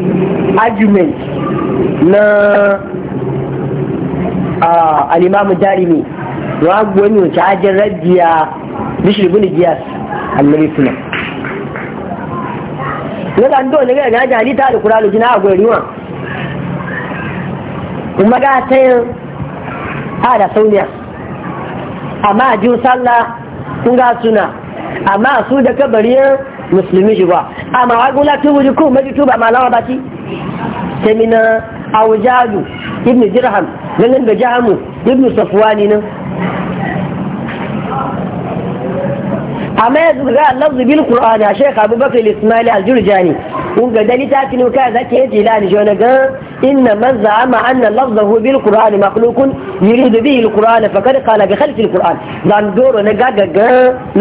argument na ah, al-imam darimi wa gwani wace ajin rajiya bishir bin giyas annabi suna na ga ndo ne ga na ga halitta da kuralu jina a gwani wa kuma ga ta yin a da sauniya amma a jin sallah kun ga suna amma su da kabariyar musulmi shi ba amma wa gula tubu ji kuma maji tuba ma lawa ba ci sai mina awujadu ibn jirham ganin da jahamu ibn safwani nan amma yanzu ga lafzu bil qur'ani shaykh abubakar ismail al-jurjani kun ga dani ta tinu kai zake yi jilani jo na ga inna man za'ama anna lafzahu bil qur'ani makhluqun yuridu bihi al qur'ana faqad qala bi khalqi al qur'an dan doro na ga ga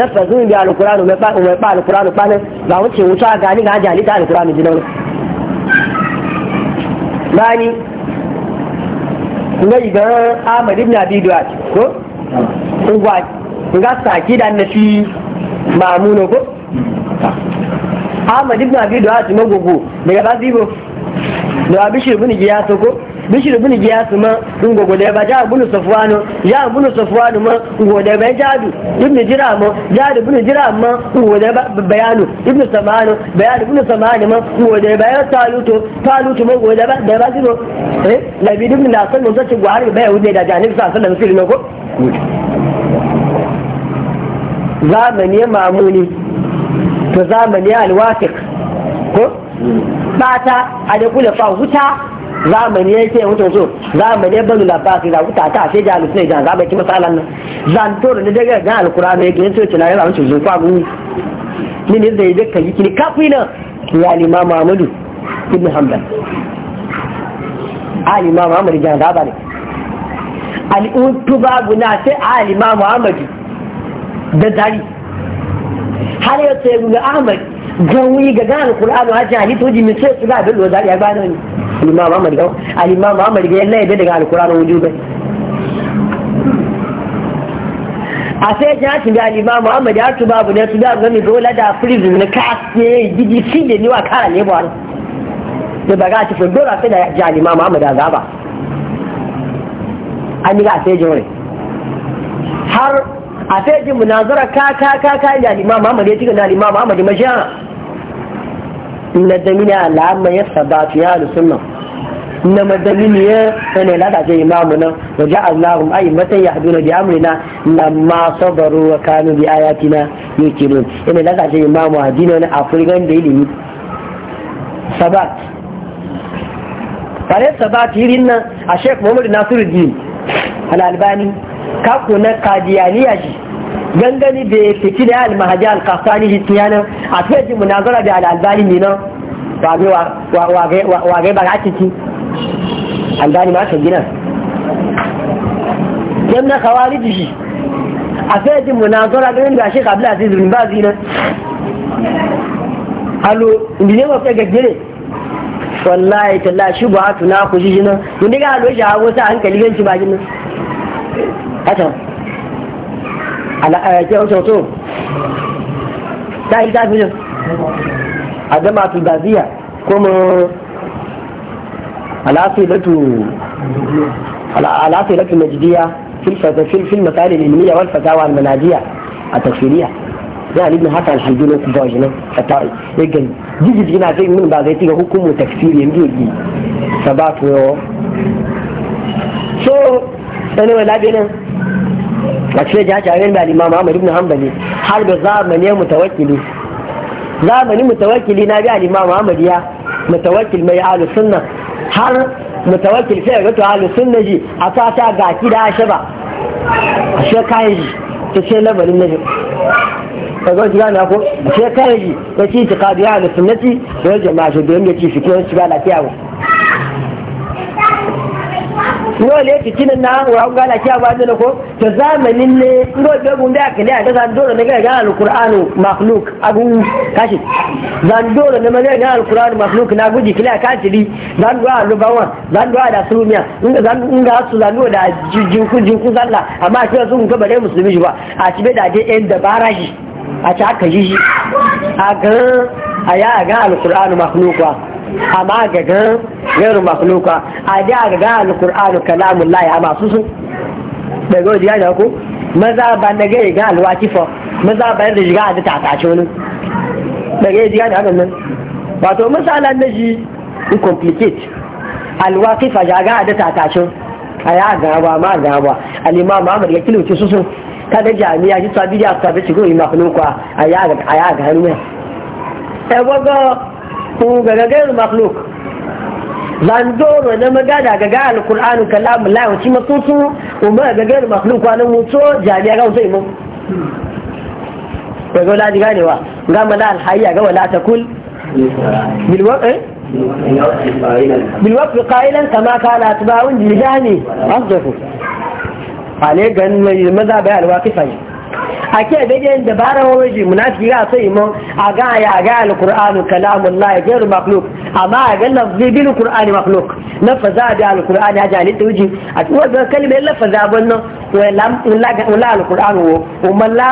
na fazu bi al qur'an mai ba mai ba al qur'an ba ne ba wuce wuta ga ni ga al qur'an jinan bani ngai ga Ahmad ibn Duat ko ngwa nga saki na fi. ma'amuna ko ahmad ibn abi da hati magogo daga ba zibo da bishir bin giyasu ko bishir bin giyasu ma in gogo da ba ja bin safwanu ja bin safwanu ma gogo da ba jadu ibn jira ma da bin jira ma gogo da bayanu ibn samanu bayanu ibn samanu ma gogo da ba taluto taluto ma gogo da ba da ba zibo eh nabi ibn nasan mun zaci gwari ba yahudi da janib sa sallallahu alaihi wasallam ko zamani mamuni to zamani alwatik ko bata a da kula fa huta zamani yake mutum so zamani ba labasi da huta ta sai da alusai da zamani ki masalan nan zan zanto da daga ga alqur'ani yake yin soci na yana mutum zo kwa mu ni ne zai da kai kini kafina ya imam Muhammad ibn Hanbal al imam Muhammad jan zaba ne al utuba guna sai al imam Muhammad da dari har ya ce ga ahmad gawi ga gane qur'anu haji ali to jimi sai su ga da lo dari ya ba nan imam ahmad ga al-imam ahmad ga yalla ya daga al-qur'anu wujubai a sai ya ci da lima muhammad ya tuba bu ne su da gani dole da ne, na kase gidi shi ne ni wa kara ne ba da ba ga ci fa dole sai da ja lima muhammad ya ba. an yi ga sai jore har a sai ji munazara ka ka ka ka ya limam Muhammad ya cika da limam Muhammad mashiya na damina alama ya sabatu ya sunna na madalili ya ne lada ce imamu nan wa ja'alnahum ya yahduna bi amrina lamma sabaru wa kanu bi ayatina yuqinun ina lada ce a hadina na afirgan da ilimi sabat bare sabat yirin nan a Sheikh Muhammad Nasiruddin al-Albani kaku na kadiyaniya ji gangani da fiti da almahaji alkasani shi a fiye ji munazara da al'albani ne nan wagai ba a ciki albani ma gina yan na kawari ji shi a fiye ji munazara ganin da shi kabila a zizirin ba zina alo inda ne mafi gaggare wallahi talla shi ba a tuna ku shi shi nan inda ga alo shi hagu sa hankali ganci ba shi nan haka al'ayyake eh, wata wato ta yi tafi yin a zama tu gaziya kuma al'asilatu al'asilatu majidiya fil fil masali ilmiya wal fatawa al manajiya a tafsiriya ya ibn haka al na ku ba jina fatawa ya gani jiji jina yi mun ba zai tiga hukumu tafsiri yanzu yi sabatu yo so sanewa labirin a cikin jihar shahararren da alimama Ahmad ibn Hanbali har da zamani mutawakili zamani mutawakili na bi alimama Ahmad ya mutawakil mai alu sunna har mutawakkil sai ga to alu sunna ji a sa ta ga kida da ashe ba ashe kai ji ta ce lamarin nabi kaga ji gane ko ashe kai ji ta ci ta qadiya alu sunnati wal jama'a da yanda ci fikirin shi ba lafiya wale ya kinan nan na wurin gana kiya ba da ko ta zamanin ne ro be gunda da ne da zan dole ne ga ga alqur'anu makhluk abu kashi zan dole ne mai ga alqur'anu makhluk na guji kila kashi bi. zan duwa rubawa, zan duwa da in ga zan ga su zan duwa da jinku jinku zalla amma a kira ga bare musulmi ba a ci da je en dabara barashi a ci yi shi a ga a ya ga alqur'anu makhluk wa amma ga gan gairu makhluka a da ga ga alqur'anu kalamullahi amma su sun daga wajen ya ku maza ba na gaya ga alwakifa maza ba da shiga da ta tace wani daga yaji ga hakan nan wato misalan na shi in complicate alwakifa ja ga da ta tace a ya ga ba ma ga ba al-imam Ahmad ya kiluce su sun kada jami'a shi sabiya ta bi shigo yi makhluka a ya ga a ga hanya sai ku ga gagayar makhluk zandoro na magana ga gaya alkur'anu kalamu layo ci matutu umar ga gagayar makhluk wani mutu jami'a ga wutai mun ga gaula ji ganewa ga mana alhayya ga wala ta kul bilwafi ƙa'ilan eh? kama kana tubawun jilgani asdafu ale gan mai maza bai alwakifa ake bege da bara wa waje munafi ga sai mun a ga ya ga alqur'anu kalamullahi ghairu makhluk amma ga lafzi bil makhluk na faza da alkur'ani a jani wuji a tuwa ga kalmar lafaza wannan wa lam la alqur'anu wa man la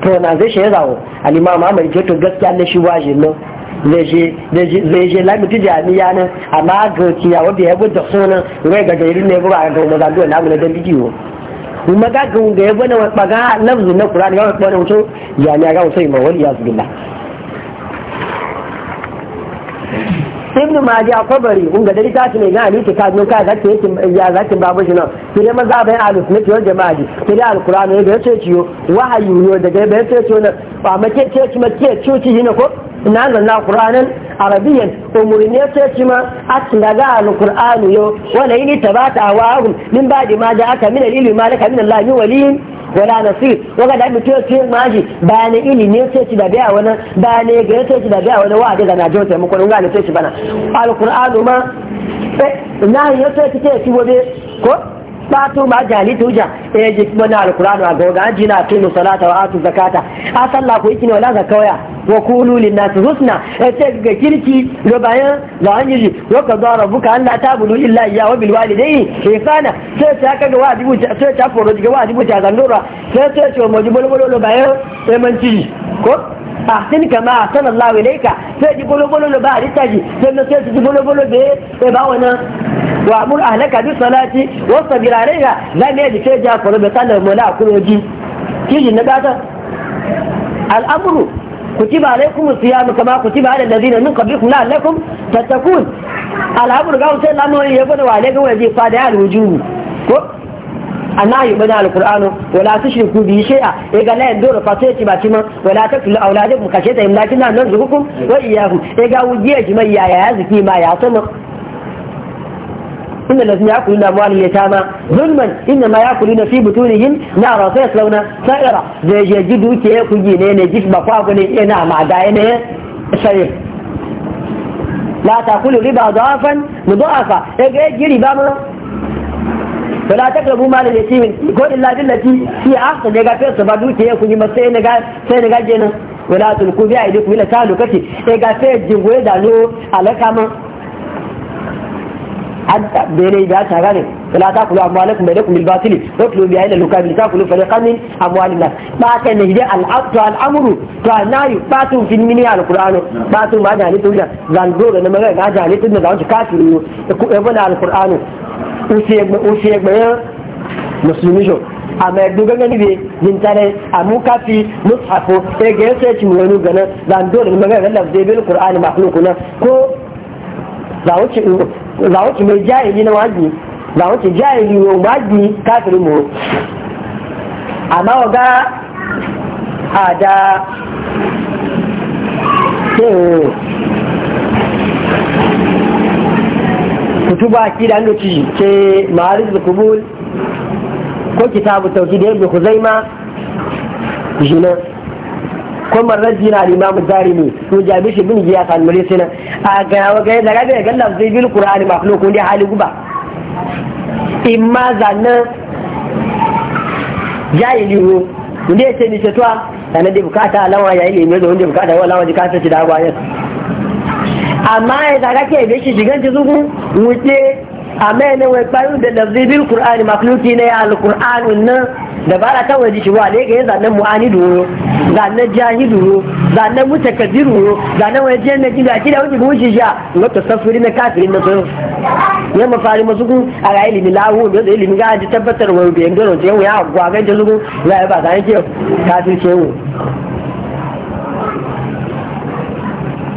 pronunciation ya zawo al-imam Ahmad ke to gaskiya na shi waje nan zai je lamitu jami'a nan amma ga ciyawa da ya da sunan rai ga gairin ne ba ga mazalu na mu na dan bidiyo kuma ga ga yabo na baga lafzu na qur'ani ga wani mutum ya ne ga usai ma wali yasu billah maji a kwabari kun ga ta tashi ne ga ni ta zo ka za yake ya zaki babu shi nan kire maza bayan alus ne tiyo jama'a ji kire alqur'ani ga ce ciyo wahayi ne daga bayan ce ciyo na ba make ce ci make ciyo ci ne ko na zanna qur'anan arabiyyan umurni ya ce ma a daga alqur'anu yo wala yini tabata wa hum min ba'di ma aka min al-ilmi ma laka min Allah wali wala nasir waga da mutum ce maji ba ne ilimi sai ci da biya wani ba ne ga ce ci da biya wani wa da na jiwa taimakon ga ne ce ci bana Alƙur'anu ma na yi ce ci ce ci gobe ko باتو ما جالي توجا ايجي تبنى على القرآن وعقوغا جينا قيموا صلاة وآتوا الزكاة أصلا كويتين ولا زكويا وقولوا للناس حسنا اتكي كيركي ربايا لعن يجي وقد ربك أن لا تابدوا إلا إياه وبالوالدين إخانا سيسا كاكا واجبو سيسا فرجك واجبو سيسا نورا سيسا شو مجبو لبولو لبايا امن إيه تجي كو أحسن كما أحسن الله إليك سيجي بولو بولو لبايا لتاجي سيسا تجي بولو بولو بي إباونا إيه wa amur ahlaka bi salati wa sabir alayha la me di feja ko be kala mo la ko ji kiji na gata al amru kutiba alaykum siyam kama kutiba ala alladhina min qablikum la'allakum tattaqun al amru ga sai lamu ya gode wa alaykum wa ji fa da al wujubu ko annahi ibn al-qur'anu wala tushriku bi shay'a e ga la yadoro fato ci ba cima wala taklu kuma kashe ta na nan zuhukum wa iyyakum e ga wujiya ji mai yaya zuki ma ya sanu إن الذين يأكلون أموال اليتامى ظلما إنما يأكلون في بطونهم نارا سيصلون سائرة زي جدو كي يأكل جنين جيش بفاقني إنا مع دائنة شريف لا تأكلوا ربا ضعفا مضاعفا إيه جي ربا ما فلا تقربوا مال اليتيم قول الله بالتي هي أحسن يقع في الصفادو كي يأكل جمع سينغا سينغا جينا ولا تلقوا بأيديكم إلى تعلقتي يقع في الجنوة دانو على كامل hadda bai ne ya ta gane kula ta kula amma lakum bai lakum bilbatili ko kulu bi ayyala a ta kulu fa liqami amwalin nas ba ta ne hidi al aqtu al amru ta nayu ba tu fi min al qur'an ba tu ma da ni to da zan go da namaga ga ja ni tunda zan kafir ko ebola al qur'an usiye usiye gbe muslimi jo amma ya duga gani bai yin tare a muka fi mushafo sai ga yasa ya ci mu wani gana zan do da magana lafzai bil qur'ani mahlukuna ko za wuce zawon ki mai jahili na waji zawon ki jahili wa waji kafirin mu amma waga a da kutuba kida ando ci ke ma'arif da kubul ko kitabu tauki da tauhid ibn khuzaima jina kuma raji na limamu darimi to jabi shi bin giya San mure a ga wa ga daga da ga zai bil qur'ani makhluq ne hali guba imma zanna jahili ro ne ce ni ce to ana da bukata alawa yayi ne me da wanda bukata wala wanda ka ci da ba ya amma ya daga ke be shi shigan ci zuku wuce amma ne wai bayu da lafzi bil qur'ani makhluq ne ya al qur'anun nan Da dabara ta waje shi wa ga yin zanen mu'ani duro zanen jahi duro zanen mutakaddi duro zanen jiyar na gida kida wuce ga wuce sha wata safiri na kafirin na sun ya mafari masu kun a ga ilimi lahu da zai ilimi ga ji tabbatar wa rubiyan gano ta yawon ya gwagan ta zugun a yi ba zanen ke kafin ce yawon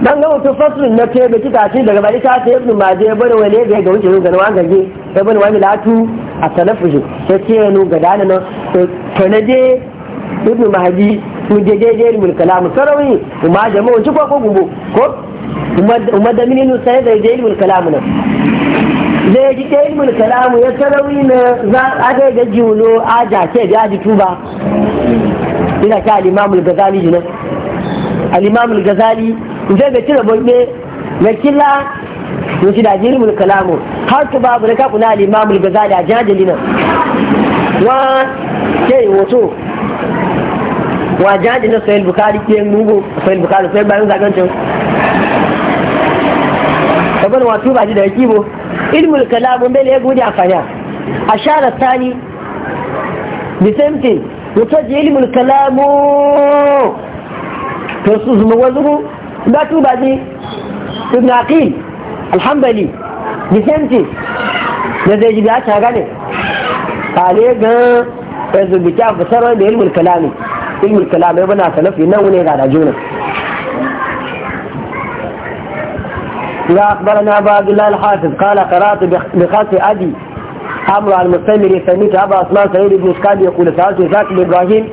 dan ga mutum fasulun na ce da kita ce daga bari ta ce ibnu maje bane wani ga ga wuce ga wani gaje ya bane wani latu a salafu shi sai ce no ga dana nan to na je ibnu mahaji mu je je je mu kalam sarawi kuma jama'u ci ko ko gumbo ko kuma da minin sai da je mu kalam nan zai ji ta ilmul kalamu ya sarawi na za a ga ga jiwulo a jace da ji tuba ina ta al-imamul ghazali jinan al-imamul ghazali nje ga kira bolle ga kila mun shi da jirimul kalamu har to babu raka na al-imam al-ghazali a jajali nan wa kai wato wa jajali na sahih bukhari ke mugo sahih bukhari sai bayan zagan can kabar wa tuba ji da kibo ilmul kalamu bai ya gode a fanya ashara tani the same thing wato ilmul kalamu to su zuma wazuru ga tuba ne ibn aqil alhambali vicente da zai ji biya ta gane tare ga yanzu bi ta fasarar da ilmul kalami ilmul kalami bana salafi nan wani ga rajuna ya akhbarana ba abdullah al-hafiz qala qara'tu bi khasi adi amru al-mustamiri sami ta aba asman sayyid ibn skadi yaqulu sa'atu zaki ibrahim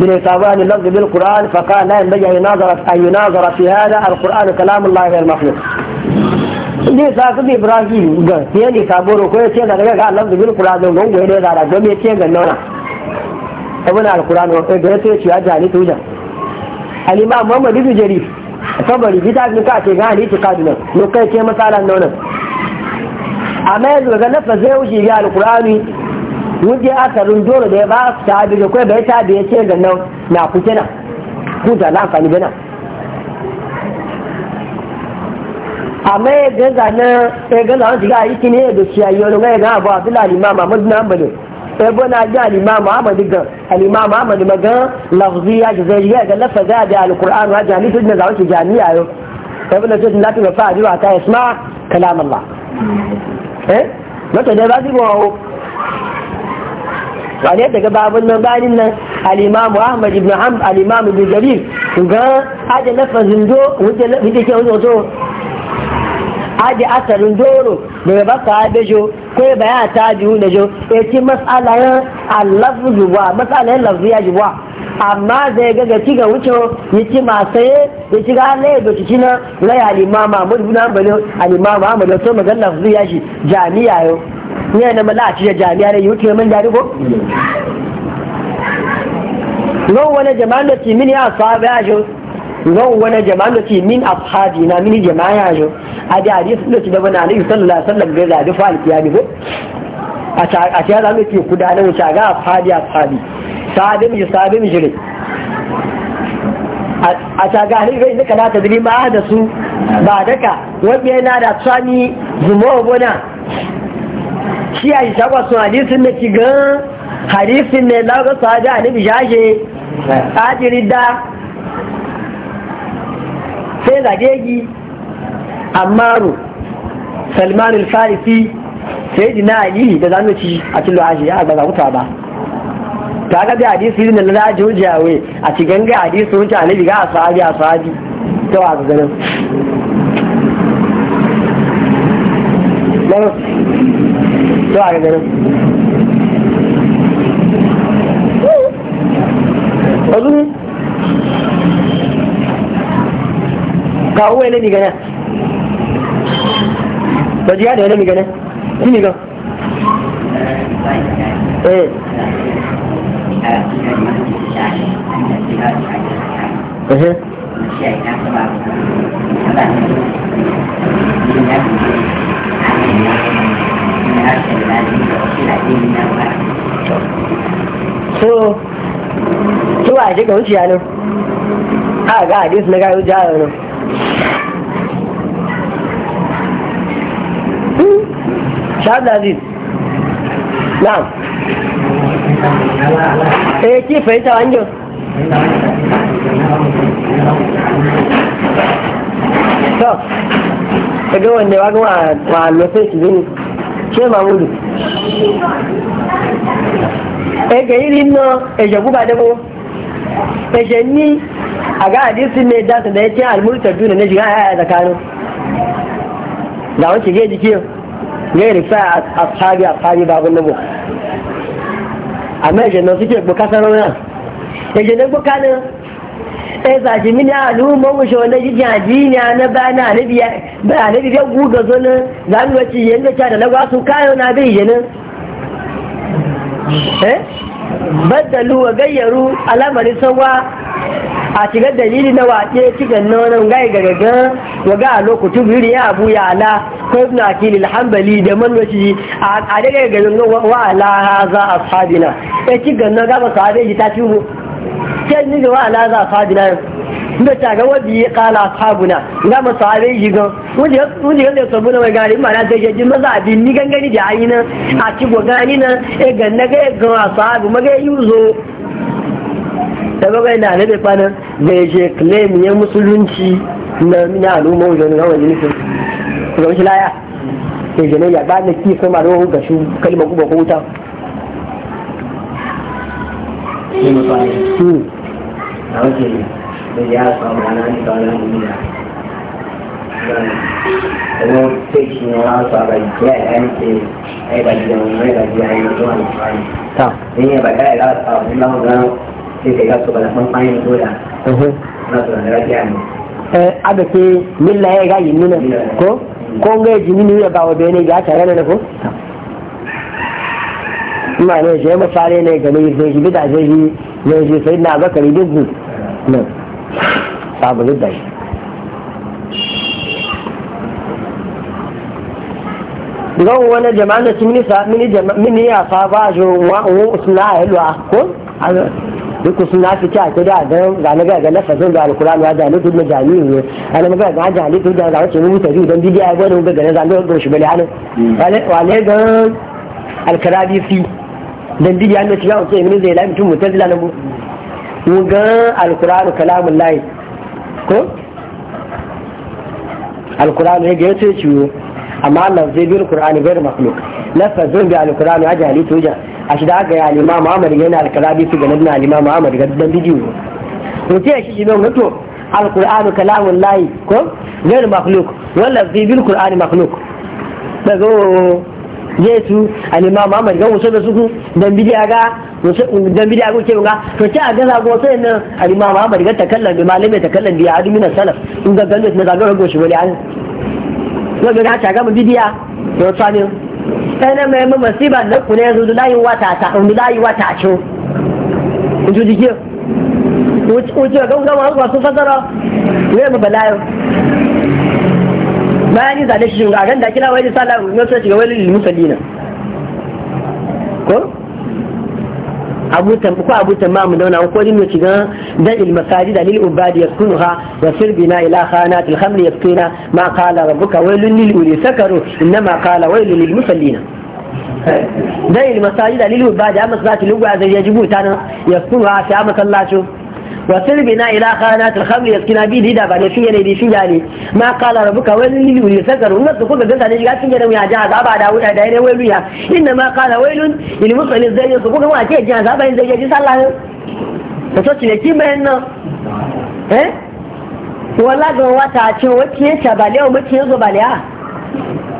من إتابان اللفظ بالقرآن فقال لا ينبغي أن يناظر في هذا القرآن كلام الله غير مخلوق ne sa su bi braji ga sai ne saboro ko ce yace daga Allah da bil qur'an don gongo da da don ce ga nona ibn al ko da yace ya ni tuja alima imam muhammad ibn jarir sabari bi ne ka ce ga ni ta kaduna lokacin masalan nona amma yanzu ga na fa zai wuce ga alqurani wuje akarin dole da ya ba su ta abin kai bai ta da ya ce ga nan na kuke nan kuta na amfani da nan amma ya gaza na ya gaza wani shiga aiki ne da shi ayyo wani ya gana ba abin alima mamadu na ambali ya bana ji alima amadu ga alima ma gan lafzi ya ji zai ya za a da alkur'an wa jami su da zawon shi jami'a yau ya bana ce da tun da fa'adi wa ta yasma kalam kalamallah eh mata dai ba zai ba wani daga babun nan bayanin nan al-imamu ahmad ibn hanbal al-imamu ibn jarir ga aje lafazin do wuce ke wuce aje asalin doro da ya baka da jo ko baya ta biyu da jo e ya ci mas'alayan al-lafzu wa mas'alayan lafziya jiwa amma zai ga ga ci ga wuce ya ci masaye ya ci ga ne da ci na rai al-imama Ahmad ibn Hanbal al-imama Ahmad to magana lafziya jami'a yau ne na mala a cikin jami'a ne yau kiyomin jari ko Zan wani jama'an da ci min ya sabi ya shi zan wani jama'an da ci min fadi na mini jama'a ya shi a da hadisi da ci da wani alaihi sallallahu alaihi wasallam ga zabi fa ne ko a cikin yada mai teku da nan wuce ga ashabi ashabi sahabi miji sahabi miji ne a ta ne zai nika na ta ma da su ba daka wani yana da tsami zumo gona shi a isha sun hadisun na kigan hadisun ne lagos su hajji a anibi shashe ajiri da sai zagegi ammaru salman al-farisi sai na yi da zanuci a cikin lo'ashi ya ba za ba ta gabi hadisun na lalaji hujjawe a cikin ga hadisi wuce anibi ga a sahabi a sahabi ta wa ga tó a gẹ̀gẹ̀rẹ̀ ọdún kawo ẹlẹ́ mi gẹ̀rẹ̀ lọ́dí yá ẹlẹ́ mi gẹ̀rẹ̀ kí mi gan ee ẹ̀hẹ́ Thank you. so so a ka wuce yano a ga hadis na gayo ja yano hmm? shahab aziz na'am eh ki fahimta wanjo to ga wanda wa ga wa lokacin zini ṣé màá wọlé ẹgẹ yìí nínú ẹ̀jẹ̀ yaya dẹ́kọ́ ẹ̀jẹ̀ ní àgá àdísí ní ẹ̀dá tẹ̀lé tí àlùmúrù tẹ̀dú nà nẹ́jì káyà ẹ̀ dàkánu làwọn ti gé jìkì gé rìfẹ́ àfáàbí àfáàbí bá gbọ́n lọ́bọ̀ àmọ́ ẹ̀jẹ̀ náà sí kí ẹ̀gbọ́ kásán náà ẹ̀jẹ̀ náà gbọ́ kánú ɗaya za shi mini alu mawu shi wani jijin a na ba, na alibi ya guga zonu za mu wace yin da ca da lagwa su kayo na bai yi eh baddalu wa gayyaru alamari sawa a shiga dalili na wace cikin nonon gai gagaga wa ga a lokacin biri ya abu ya ala ko ibn akili alhambali da manwaci a daga gagarin wa ala za a sabina ya cikin nonon gaba sahabe ji ta ci mu sai ni wa ala za fadila inda ta ga wabi ya kala sabuna ga masahabe yi ga wanda yadda na mai gari mara na dajejin maza abin ni gangani da ayi nan a ci gani nan e ganna ga ga e sabu maga e yi zo da bagai na ne fana da ya je claim ya musulunci na mina al'umma wajen ga wani nufin ga shi laya ke jene ya ba ne kifin ma da wani gashi kalmar guba ko wuta nhưng mà toàn ừ. đó thì bây giờ còn là nó còn là mình là rồi thích nó sợ bệnh trẻ em thì ai bệnh rồi mấy bệnh gì mà tôi ăn phải sao nhưng bệnh đấy là sợ đến lâu lâu thì cái đó tôi là không may phải như tôi à. ừ là nó là nó trẻ eh cái gì milla ya ga yi mina ko ko ngai ở ya ba wa bene ga tare na ko kuma ne shi misali ne game da shi bida yi zai sai na ne da shi gan wani jama'a da mini mini ya fa ba jo wa helwa ko duk fi ta ta da ga na ga ga da alquran ya da duk na ne ana maga ga jali da wace dan bidiya ga da ga na zalo shi bale hmm. wale ga dan didi an ci yawon sai zai lai mutum mutazila na mu mu ga alqur'anu kalamun lahi ko alqur'anu ya ga yace ciwo amma Allah zai bi alqur'ani bai makhluk bi ya a shi da ya yana su ga nan ga dan ko shi to lahi ko makhluk wala zai bi makhluk zai su al-imam ga wasu da suku dan bidiya ga dan bidiya ga ke ga to ta ga za go sai nan al-imam Ahmad ga takallan bi malami takallan bi adu min salaf in ga ganin na ga go shi wali an ga ga ta ga bidiya to tsani sai na mai masiba da ku ne yanzu layi wata ta layi wata ce ku ji ki ku ku ga ga wasu fasara ne ba balayo bayan yin zane shi a ganda kila wani sallah ne sai shiga wani musallina ko abu tambu ko abu tamamu dauna ko din ne shiga da il masajid lil ubadi yaskunuha wa sirbina ila khanat al khamr yasqina ma qala rabbuka waylun lil uli sakaru inma qala waylun lil musallina da il masajid lil ubadi amma salati lugu azai yajibu tana yaskunuha sai amma sallatu wa sirbi na ila kana ta khamri ya kina bi dida ba ne shi yana bi shi ya ne ma kala rabbuka wa lil lil yasgaru wa su kuma ganta ne shiga cikin da mu ya ji azaba da wuta ne wai luya inna ma kala wailun lil musallin zai su kuma wa ce ji azaba in zai ji sallah ne to ne ki mai nan wala ga wata ce wace ta ba lewa mace yazo ba lewa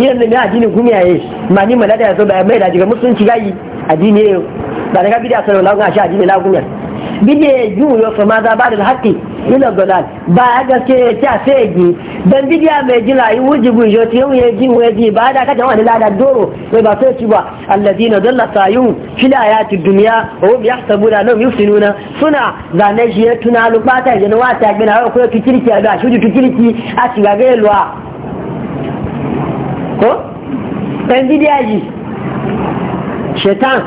yin da mai kuma gumiyaye ma ni mala da yaso bayan mai da daga musulunci gayi addini ne ba daga bidiya sai lagun ashe addini la kuma bidiya yi yo fa ma za ba da haqqi ina dalal ba ga ke ta segi dan bidiya mai jira yi wujibu yo ti yau ya ji mu ji ba da ka da wani lada doro mai ba sai ci ba alladina dalla sayun fil ayati dunya wa hum yahsabuna annahum yufsinuna suna zane shi ya tuna lubata yana wata gina ko kirki a da shi kirki a shiga ga yalwa ko ɗan bidiya ji shaitan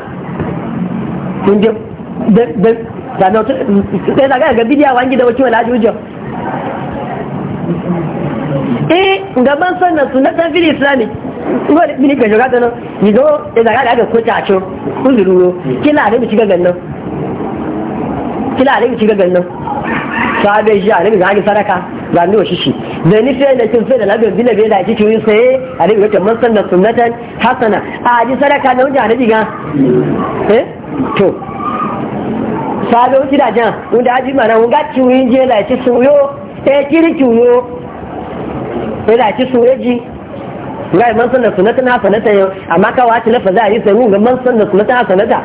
kun je da na sai zaga ga bidiya wa gida wace wala ajujo eh gaban sannan su na ɗan fili islamic wani mini ga shiga ganin yi zo da zaga da aka kuta a cin kun zururo kila da mu shiga gannan kila da mu shiga gannan sahabe shi a nabi ga sadaka ga ni shi da ni sai da kin sai da labin bila bai da kike yin sai a rike wata man sanna sunnatan hasana a ji sadaka na wanda annabi ga eh to sabo ki da jan wanda aji mana mun ga yin je da ci suyo eh kiri yo sai e da ci suyeji ngai man sanna na hasanata yau amma ka wace na za a yi sai mun ga man sanna na hasanata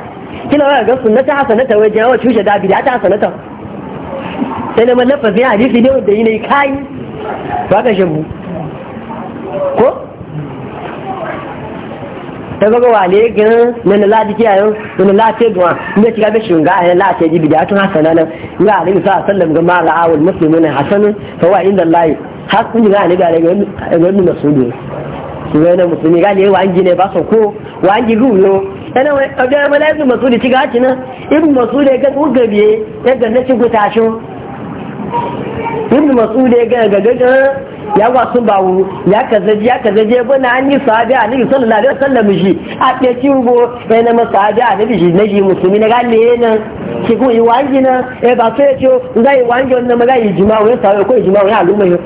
kina ga sunnata hasanata wajen yawa cushe da bid'a ta sanata sai na mallafa sai hadisi ne wanda yi ne kayi ba ka mu ko ta gaga wale ganin na na ladi kiyayen na lati duwa inda ci gabe shi a ayan lati ji bidiya tun hasana nan ga alim a sallam ga mara awul ra'awul muslimuna hasanu ta wa inda allahi har kun ga ne ga ga ga ne wani musulmi gane wangi ne ba su ko wa an wangi ruyo yana wani ɗaukar malayin masudi ci gaci nan ibu masu masudi ga gabiye ya ganna ci gutashin ibn mas'ud ya ga ga ga ya wasu bawo ya kazaje ya kazaje bana an yi sahabi annabi sallallahu alaihi wasallam shi a ke ciwo sai na masahabi annabi shi na ji musulmi na galle ne ki ko yi wangi na e ba sai ce ga yi wangi wannan ma ga yi jima'u ya sawo ko yi jima'u ya al'umma ne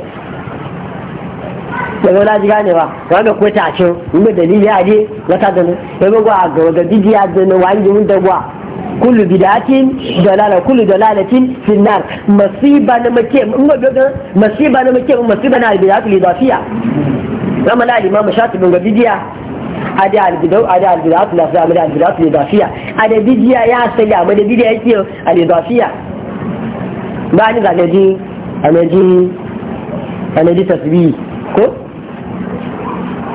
daga wani ji ba ga wanda ko ta cin in ba dalili ya je wata da ne ya ga ga bidiya da ne wangi mun da gwa kullu bid'atin dalala kullu dalalatin fi nar masiba na make in ga doga masiba na make masiba na bid'atul idafiya kama la imam shatibi ga bidiya ada albidau ada albidatul afza ada albidatul idafiya ada bidiya ya asali amma da bidiya yake al idafiya ba ni zaka ji anaji anaji tasbih ko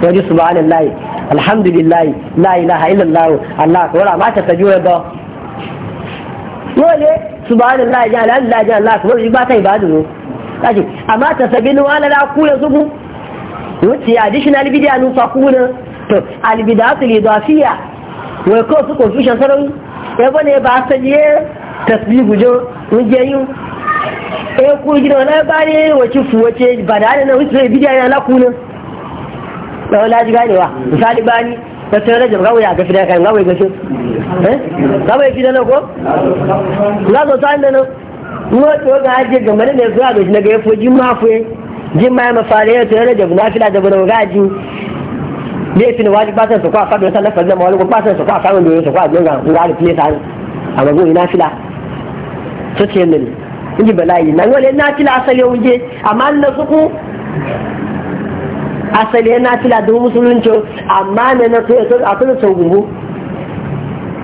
wajen subhanallahi alhamdulillah, la ilaha illallah allah ko ra ma ta tajuwa da dole su ba da Allah ya Allah ya Allah kuma ba ta ibadu ne kaji amma ta sabi ni wala la ku yanzu ku wuce additional video nu fa ku ne to al bidatu li dafiya wai ko su confusion sarau ya bane ba san ye tasbihu jo mun je yu e ku gido na ba ne wace fu wace ba da na wuce video na la ku ne da wala ji ganewa misali bani kasar rajab kawai a gafi da kayan kawai gashi gawai fi da nan ko na zo sa'an da nan ruwa to ga aje game da ne zuwa da shi na ga yafo jin mafi jin ma ya mafari ya tare da na fila da bana ga ji laifin wajibi ba san su kwa fadon san lafazin ma wani ko ba san su kwa samun doyin su kwa don ga ga da fiye sa a mago ina fila to ce ne inji bala'i nan wani na fila asali wuje amma na suku asali yana fila da musulunci amma ne na so ya so a kuma sau gugu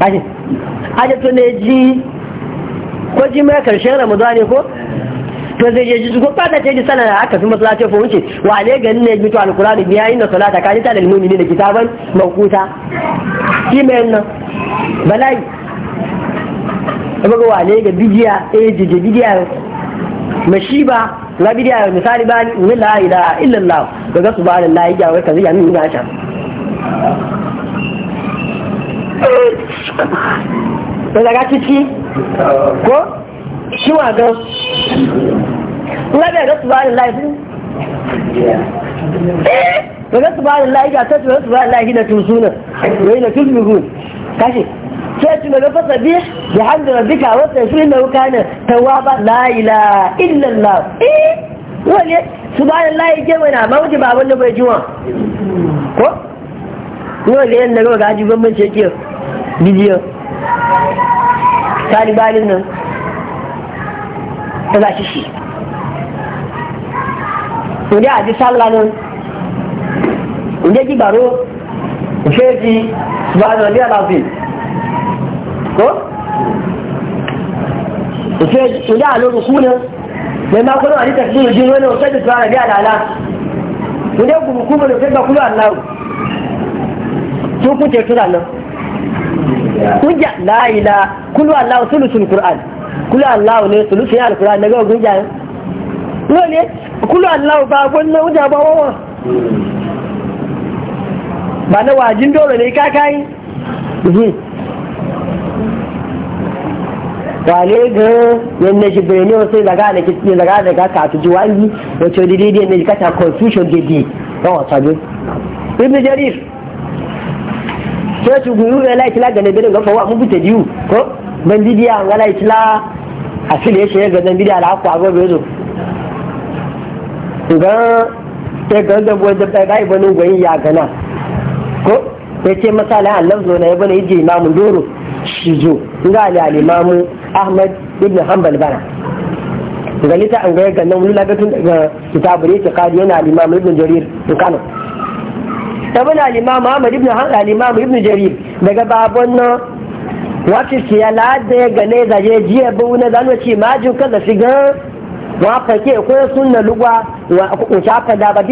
aje to ne ji ko ji mai karshen ramadani ko to zai je ji ko fata ce ji sana da aka fi masalacin ce fahimci wa ne gani ne mito alkurani biya na salata kaji ta da ne da kitaban mawkuta shi mai yana bala'i ga wa ne ga bidiya eh jije bidiya ba. na bidiya misali ba ni la ilaha illallah ga ga subhanallahi ya wai kaza ya min ga ta to daga ciki ko shi wa ga na ga subhanallahi ga ga subhanallahi ga ta subhanallahi da tusuna wai na tusbihun kashi sai daga fasa bi da hamdu rabbika wa tasbihu lahu kana tawwaba la ilaha illa allah eh wale layi ke wani ba wuce ba wannan bai jiwa ko wale yan daga gaji bambanci yake bidiyo talibalin nan ta za shi shi inda a ji sallah nan inda ji baro ko shi subhanallahi alazim ko ife ila a lori kuna mai makonu a rika su jin wani wata da tuwa rabi alala kuma kuma da fega kulu allahu su kuce tura nan kujya la kulu allahu sulusun qur'an kulu allahu ne sulusun alquran daga gunja ne kulu allahu ba gwanna wuja ba wawa ba na wajin dole ne kakai mhm. wale ga yanda shi ne wasu daga da kiski zaga da ga ka tuji wani wato daidai dide ne kata confusion dide ba wata ne ibn jarir sai tu guru ga laiki kila ga birin gafawa gafa wa mun bita ko ban didiya an laiki la a fili ya shege ga dan bidiya haku ku ago bezo ga ta ga da bo da bai bani goyi ya gana ko ya ce masala Allah zo na ibn ije imamu doro shi zo ga ali alimamu ahmad ibn hanbal bana ga lita an gaya nan wani lagatun daga kitabu ne kadi yana al-imam ibn jarir dukkanin tabin al-imam ahmad ibn al-imam ibn jarir daga babon nan wata ce ya lada ya gane zaje jiya bu na zanu ce majin kaza shiga wa fake ko sunna lugwa wa ko shafa da ba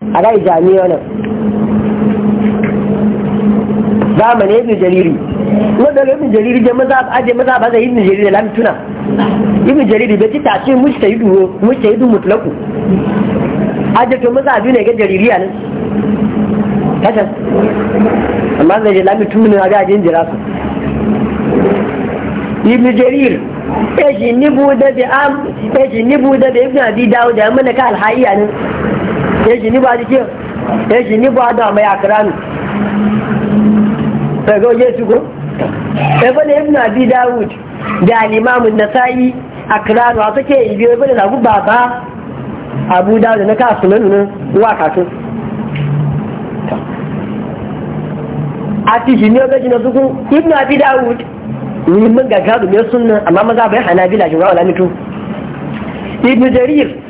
a jami'a nan zamani ibn jariri wanda ga ibn jariri da maza aje maza ba zai ibn jariri lam tuna ibn jariri bai ci tace mujtahidu mujtahidu mutlaku aje to maza biyu ne ga jaririya nan kasan amma zai je lam tuna ga aje jira su ibn jarir eji nibu da bi am eji nibu da bi ibn abi dawud da mun ka alhaiya nan ya gini ba jikin ya gini ba da mai akirani sai ga Ya shigo ibn ibn abi dawud da al-imam nasai akirani wasu ke ibi ibn abu baba abu dawud na kasu nan nuna wa kasu a ti jini ga jini suku ibn abi dawud ni mun ga gado mai sunna amma maza bai hanabila jin wa wala mitu ibn jarir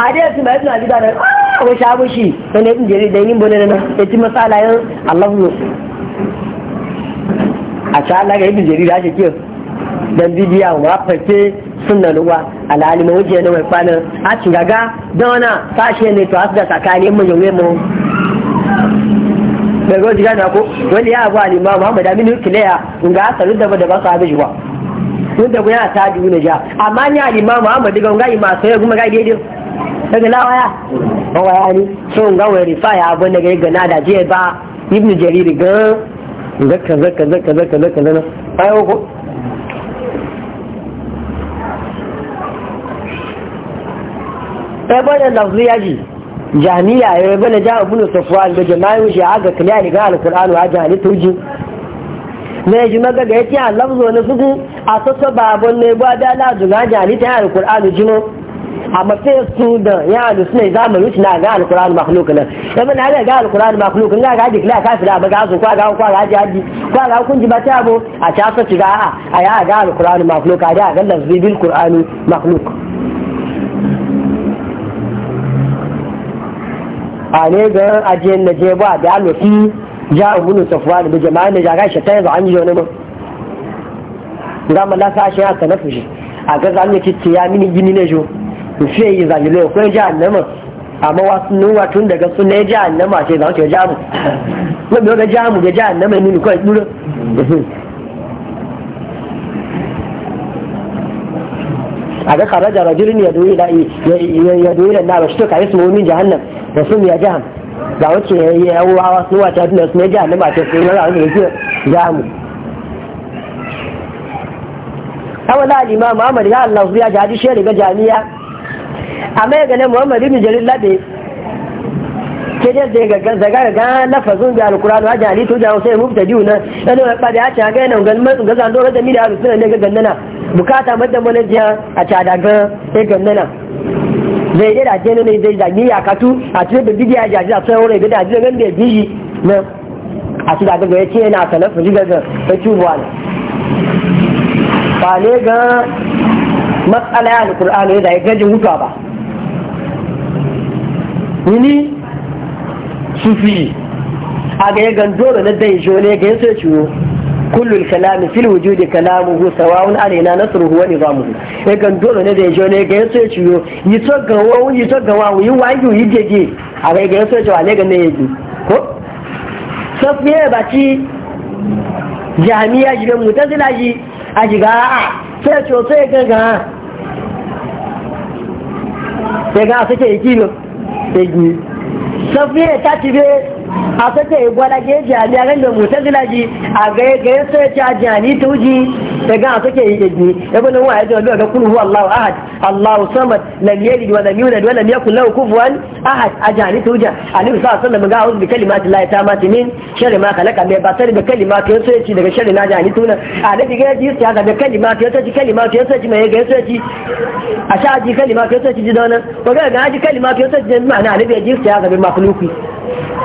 hadisi mai suna gida ne da yin na ne a ta Allah ga dan bibiya wa fate sunna ruwa alali mu je mai kwanan a ci gaga da wana sashe ne to asda sakani mu yawe mu daga wajen gana ko wani ya abu alima muhammad aminu kileya ga asarin da da ba su abin shi ba tun da ya ta biyu na ja amma ni alima muhammad ga ngai masu ya kuma ga daidai daga lawaya ba waya ne so ga wai rifa ya abu daga gana da je ba ibn jarir ga zaka zaka zaka zaka zaka kaza na ayo ko ebe da lafziya yaji jami'a ya ebe da ja ibnu safwan da jama'u shi aga kila ne ga alqur'anu a jani tuji ne ji maga ga yake a lafzo na suku a sassa babon ne ba da la zuga jani ta alqur'anu jino a matsayin su da ya alu suna za mu rushe na ga alkur'an makhluk nan ya bana da ga alkur'an makhluk ga ga dikla ka fira ba ga su kwa ga kwa ga jaji kwa ga kun ji ba ta bo a ta sa ci ga a a ya ga alkur'an makhluk a da ga lazbibil qur'an makhluk a ne ga ajiyar na je ba da alufi ja ibn safwan da jama'an da jaga shi ta yanzu an yi wani ma ga sa shi aka nafi shi a ga zamu ci ya mini gini ne jo su fiye yi zagile ko ji annama amma wasu nuwa tun daga su ne ji annama ce za su ji amu wani yau ga ji amu ga ji annama ne ni kawai ɗura a ga karajar rajulun ya doyi da ya doyi da na ba shi to kai su mumin jahannam da sun ya jahannam ga wacce ya yi yawuwa wasu nuwa ta tun da su ne jahannam a ce su yi na zaune da ke jahannam awala al-imam Ahmad ya Allah ya ji hadisi daga jami'a amma ya gane muhammadu bin jarir labe ke da zai gaggar ga lafazin da alkur'ani a ali to jawo sai mubta diu na yana da kadi a ci haka yana ga matsu ga zan dora da mi da alu suna ne ga gannana bukata madda mana jiya a ci da ga sai gannana zai da je nuna zai zagi ya katu a ci da bidiya jaji ji a sai wuri da ji da ya biyi na a ci daga ga ya ce yana salafu ji ga ga ta cubuwa ba ne ga matsala alkur'ani da ya gajin mutuwa ba ni sufi a ga ya ganzo da na dai jone ga yace ciwo kullu kalami fil wujudi kalamu hu sawa'un alaina nasru huwa nizamu ya ganzo da na dai jone ga yace ciwo yi to ga wau yi to ga wau yi wangi yi jeje a ga ga yace ciwo ne ga ne yi ko safiya ba ci jami'a jibe mutazila ji a jiga a sai ciwo sai ga ga sai ga suke yi kilo egi safiye ta ci be a sake gwada ke jami'a ran da mutan zilaji a gaya gaya sai a jani ta wuji ta ga a sake yi gaji ya bane wa ya ji ga kullu Allahu ahad Allahu samad lam yalid wa lam yulad wa lam yakul lahu kufuwan ahad a jani ta wuji annabi sallallahu alaihi wasallam ga auzu bi kalimati la tamati min shari ma khalaqa bi basari bi kalimati sai ci daga shari na jani tuna a da ga ji ya ga kalimati sai ci kalimati sai ci mai ga sai ci a sha ji kalimati sai ci ji dona ko ga ga ji kalimati sai ci ma'ana annabi ya ji ya ga bi makhluqi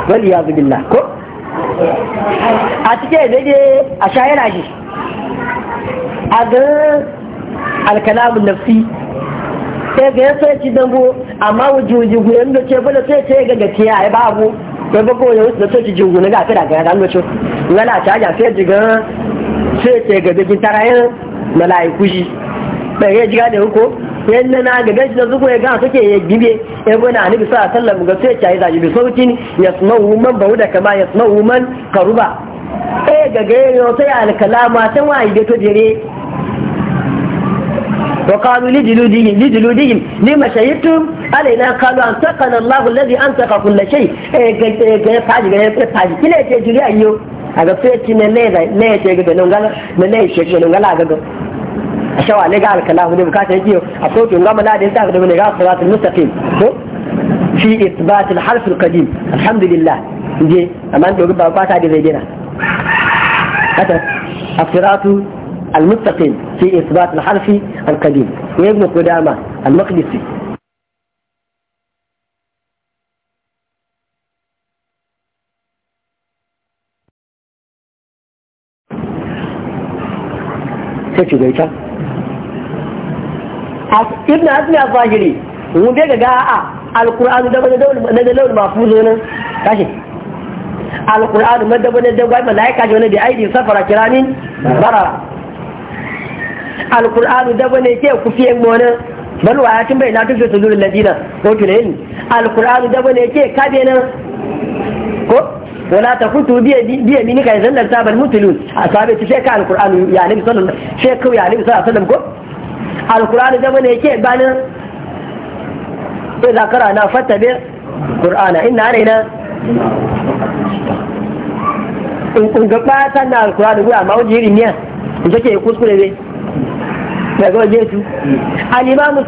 Wali ya billah ko a cike da daidai a sha yana shi a ga alkalamun nafi sai ga yaso ya ci dango amma wujuji guyen da ce bada sai ce ga gaske ya babu sai ba ko yau da soci jingu na gafi daga yana lokacin yana caja sai jiga sai ce ga bigin tarayin malayi kushi bai ya jiga da hukum yanda na ga gaji da zuku ya ga suke ya gibe ya bana annabi sallallahu alaihi wasallam ga sai ya yi zaji bi sautin yasma'u man bauda kama yasma'u man karuba eh ga ga yo sai alkalama san wa ide to dire وقالوا لجلودهم لجلودهم لما شهدتم علينا قالوا أنطقنا الله الذي أنطق كل شيء فاجي فاجي كلا يتجري أيو أغفرت من ليه ليه تيجي بنونغالا من ليه شيء بنونغالا ga. شوا لقال كلام ذي بكاتي يجيو أصوت ينقام لا دي ساقد من إغاث صلاة المستقيم في إثبات الحرف القديم الحمد لله دي أمان دي قبع قاتا دي زي جنا حتى الصراط المستقيم في إثبات الحرف القديم وابن قدامة المقدسي sai shugaita ibn azmi al-fajiri mun dai ga a quran da bane da da dawul mahfuzo nan kashi al-qur'an alqur'anu da bane da ga malaika ji wani bi aidi safara kiramin bara al-qur'an da bane ke kufiye mu nan bal wa yatin bai na tufe sudurul ladina ko al-qur'an da bane ke kabe nan ko wala ta kutu biya biya mini kai da tabal mutulun asabe ta sheka alqur'anu ya nabi sallallahu alaihi wasallam shekau ya nabi sallallahu alaihi wasallam ko alkur'ani zama ne ke ganin sai zakara na fattabe ina ne na in ga bata na alkur'ani guda ma wajen irin ne in take kuskure ne daga waje su al-imamu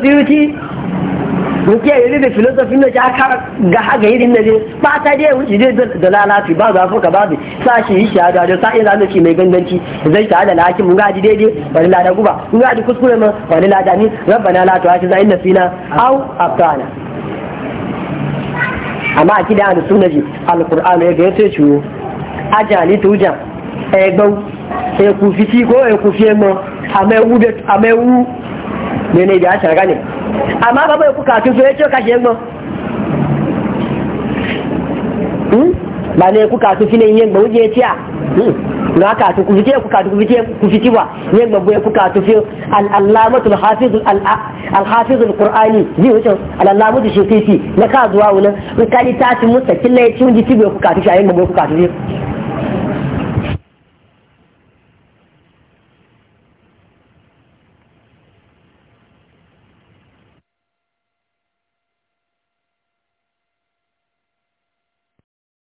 muke yi da na da aka ga haga irin da ne ba ta dai wuce dai da lalafi ba za fuka ba sa shi yi shahada da sa ina shi mai ganganci zai ta na hakim mun gaji daidai wani lada guba mun gaji kuskure ma wani lada ni na rabbana la tu'akhizna in nasina au akhtana amma a kida da suna ji alkur'an ya ga yace ciwo ajali tujan egbon ekufi ko ekufi a amewu amewu ne ne da ne. àmọ́ bàbá ikú kàtún fún ẹjọ́ kàṣẹ gbọ́n bàbá ikú kàtún fún ẹyẹ gbọ́n ya jẹ́ tí na kàtún kufiti fìtí ẹkù kàtún kù fìtí wà ní gbogbo ẹkù kàtún fún al'alamatu alhafizu al'ur'ani zai wucin al'alamatu shekiti na kazuwa wunan in ta tashin musa kila ya ci wunji tibu ẹkù kàtún a ẹyẹ gbogbo ẹkù kàtún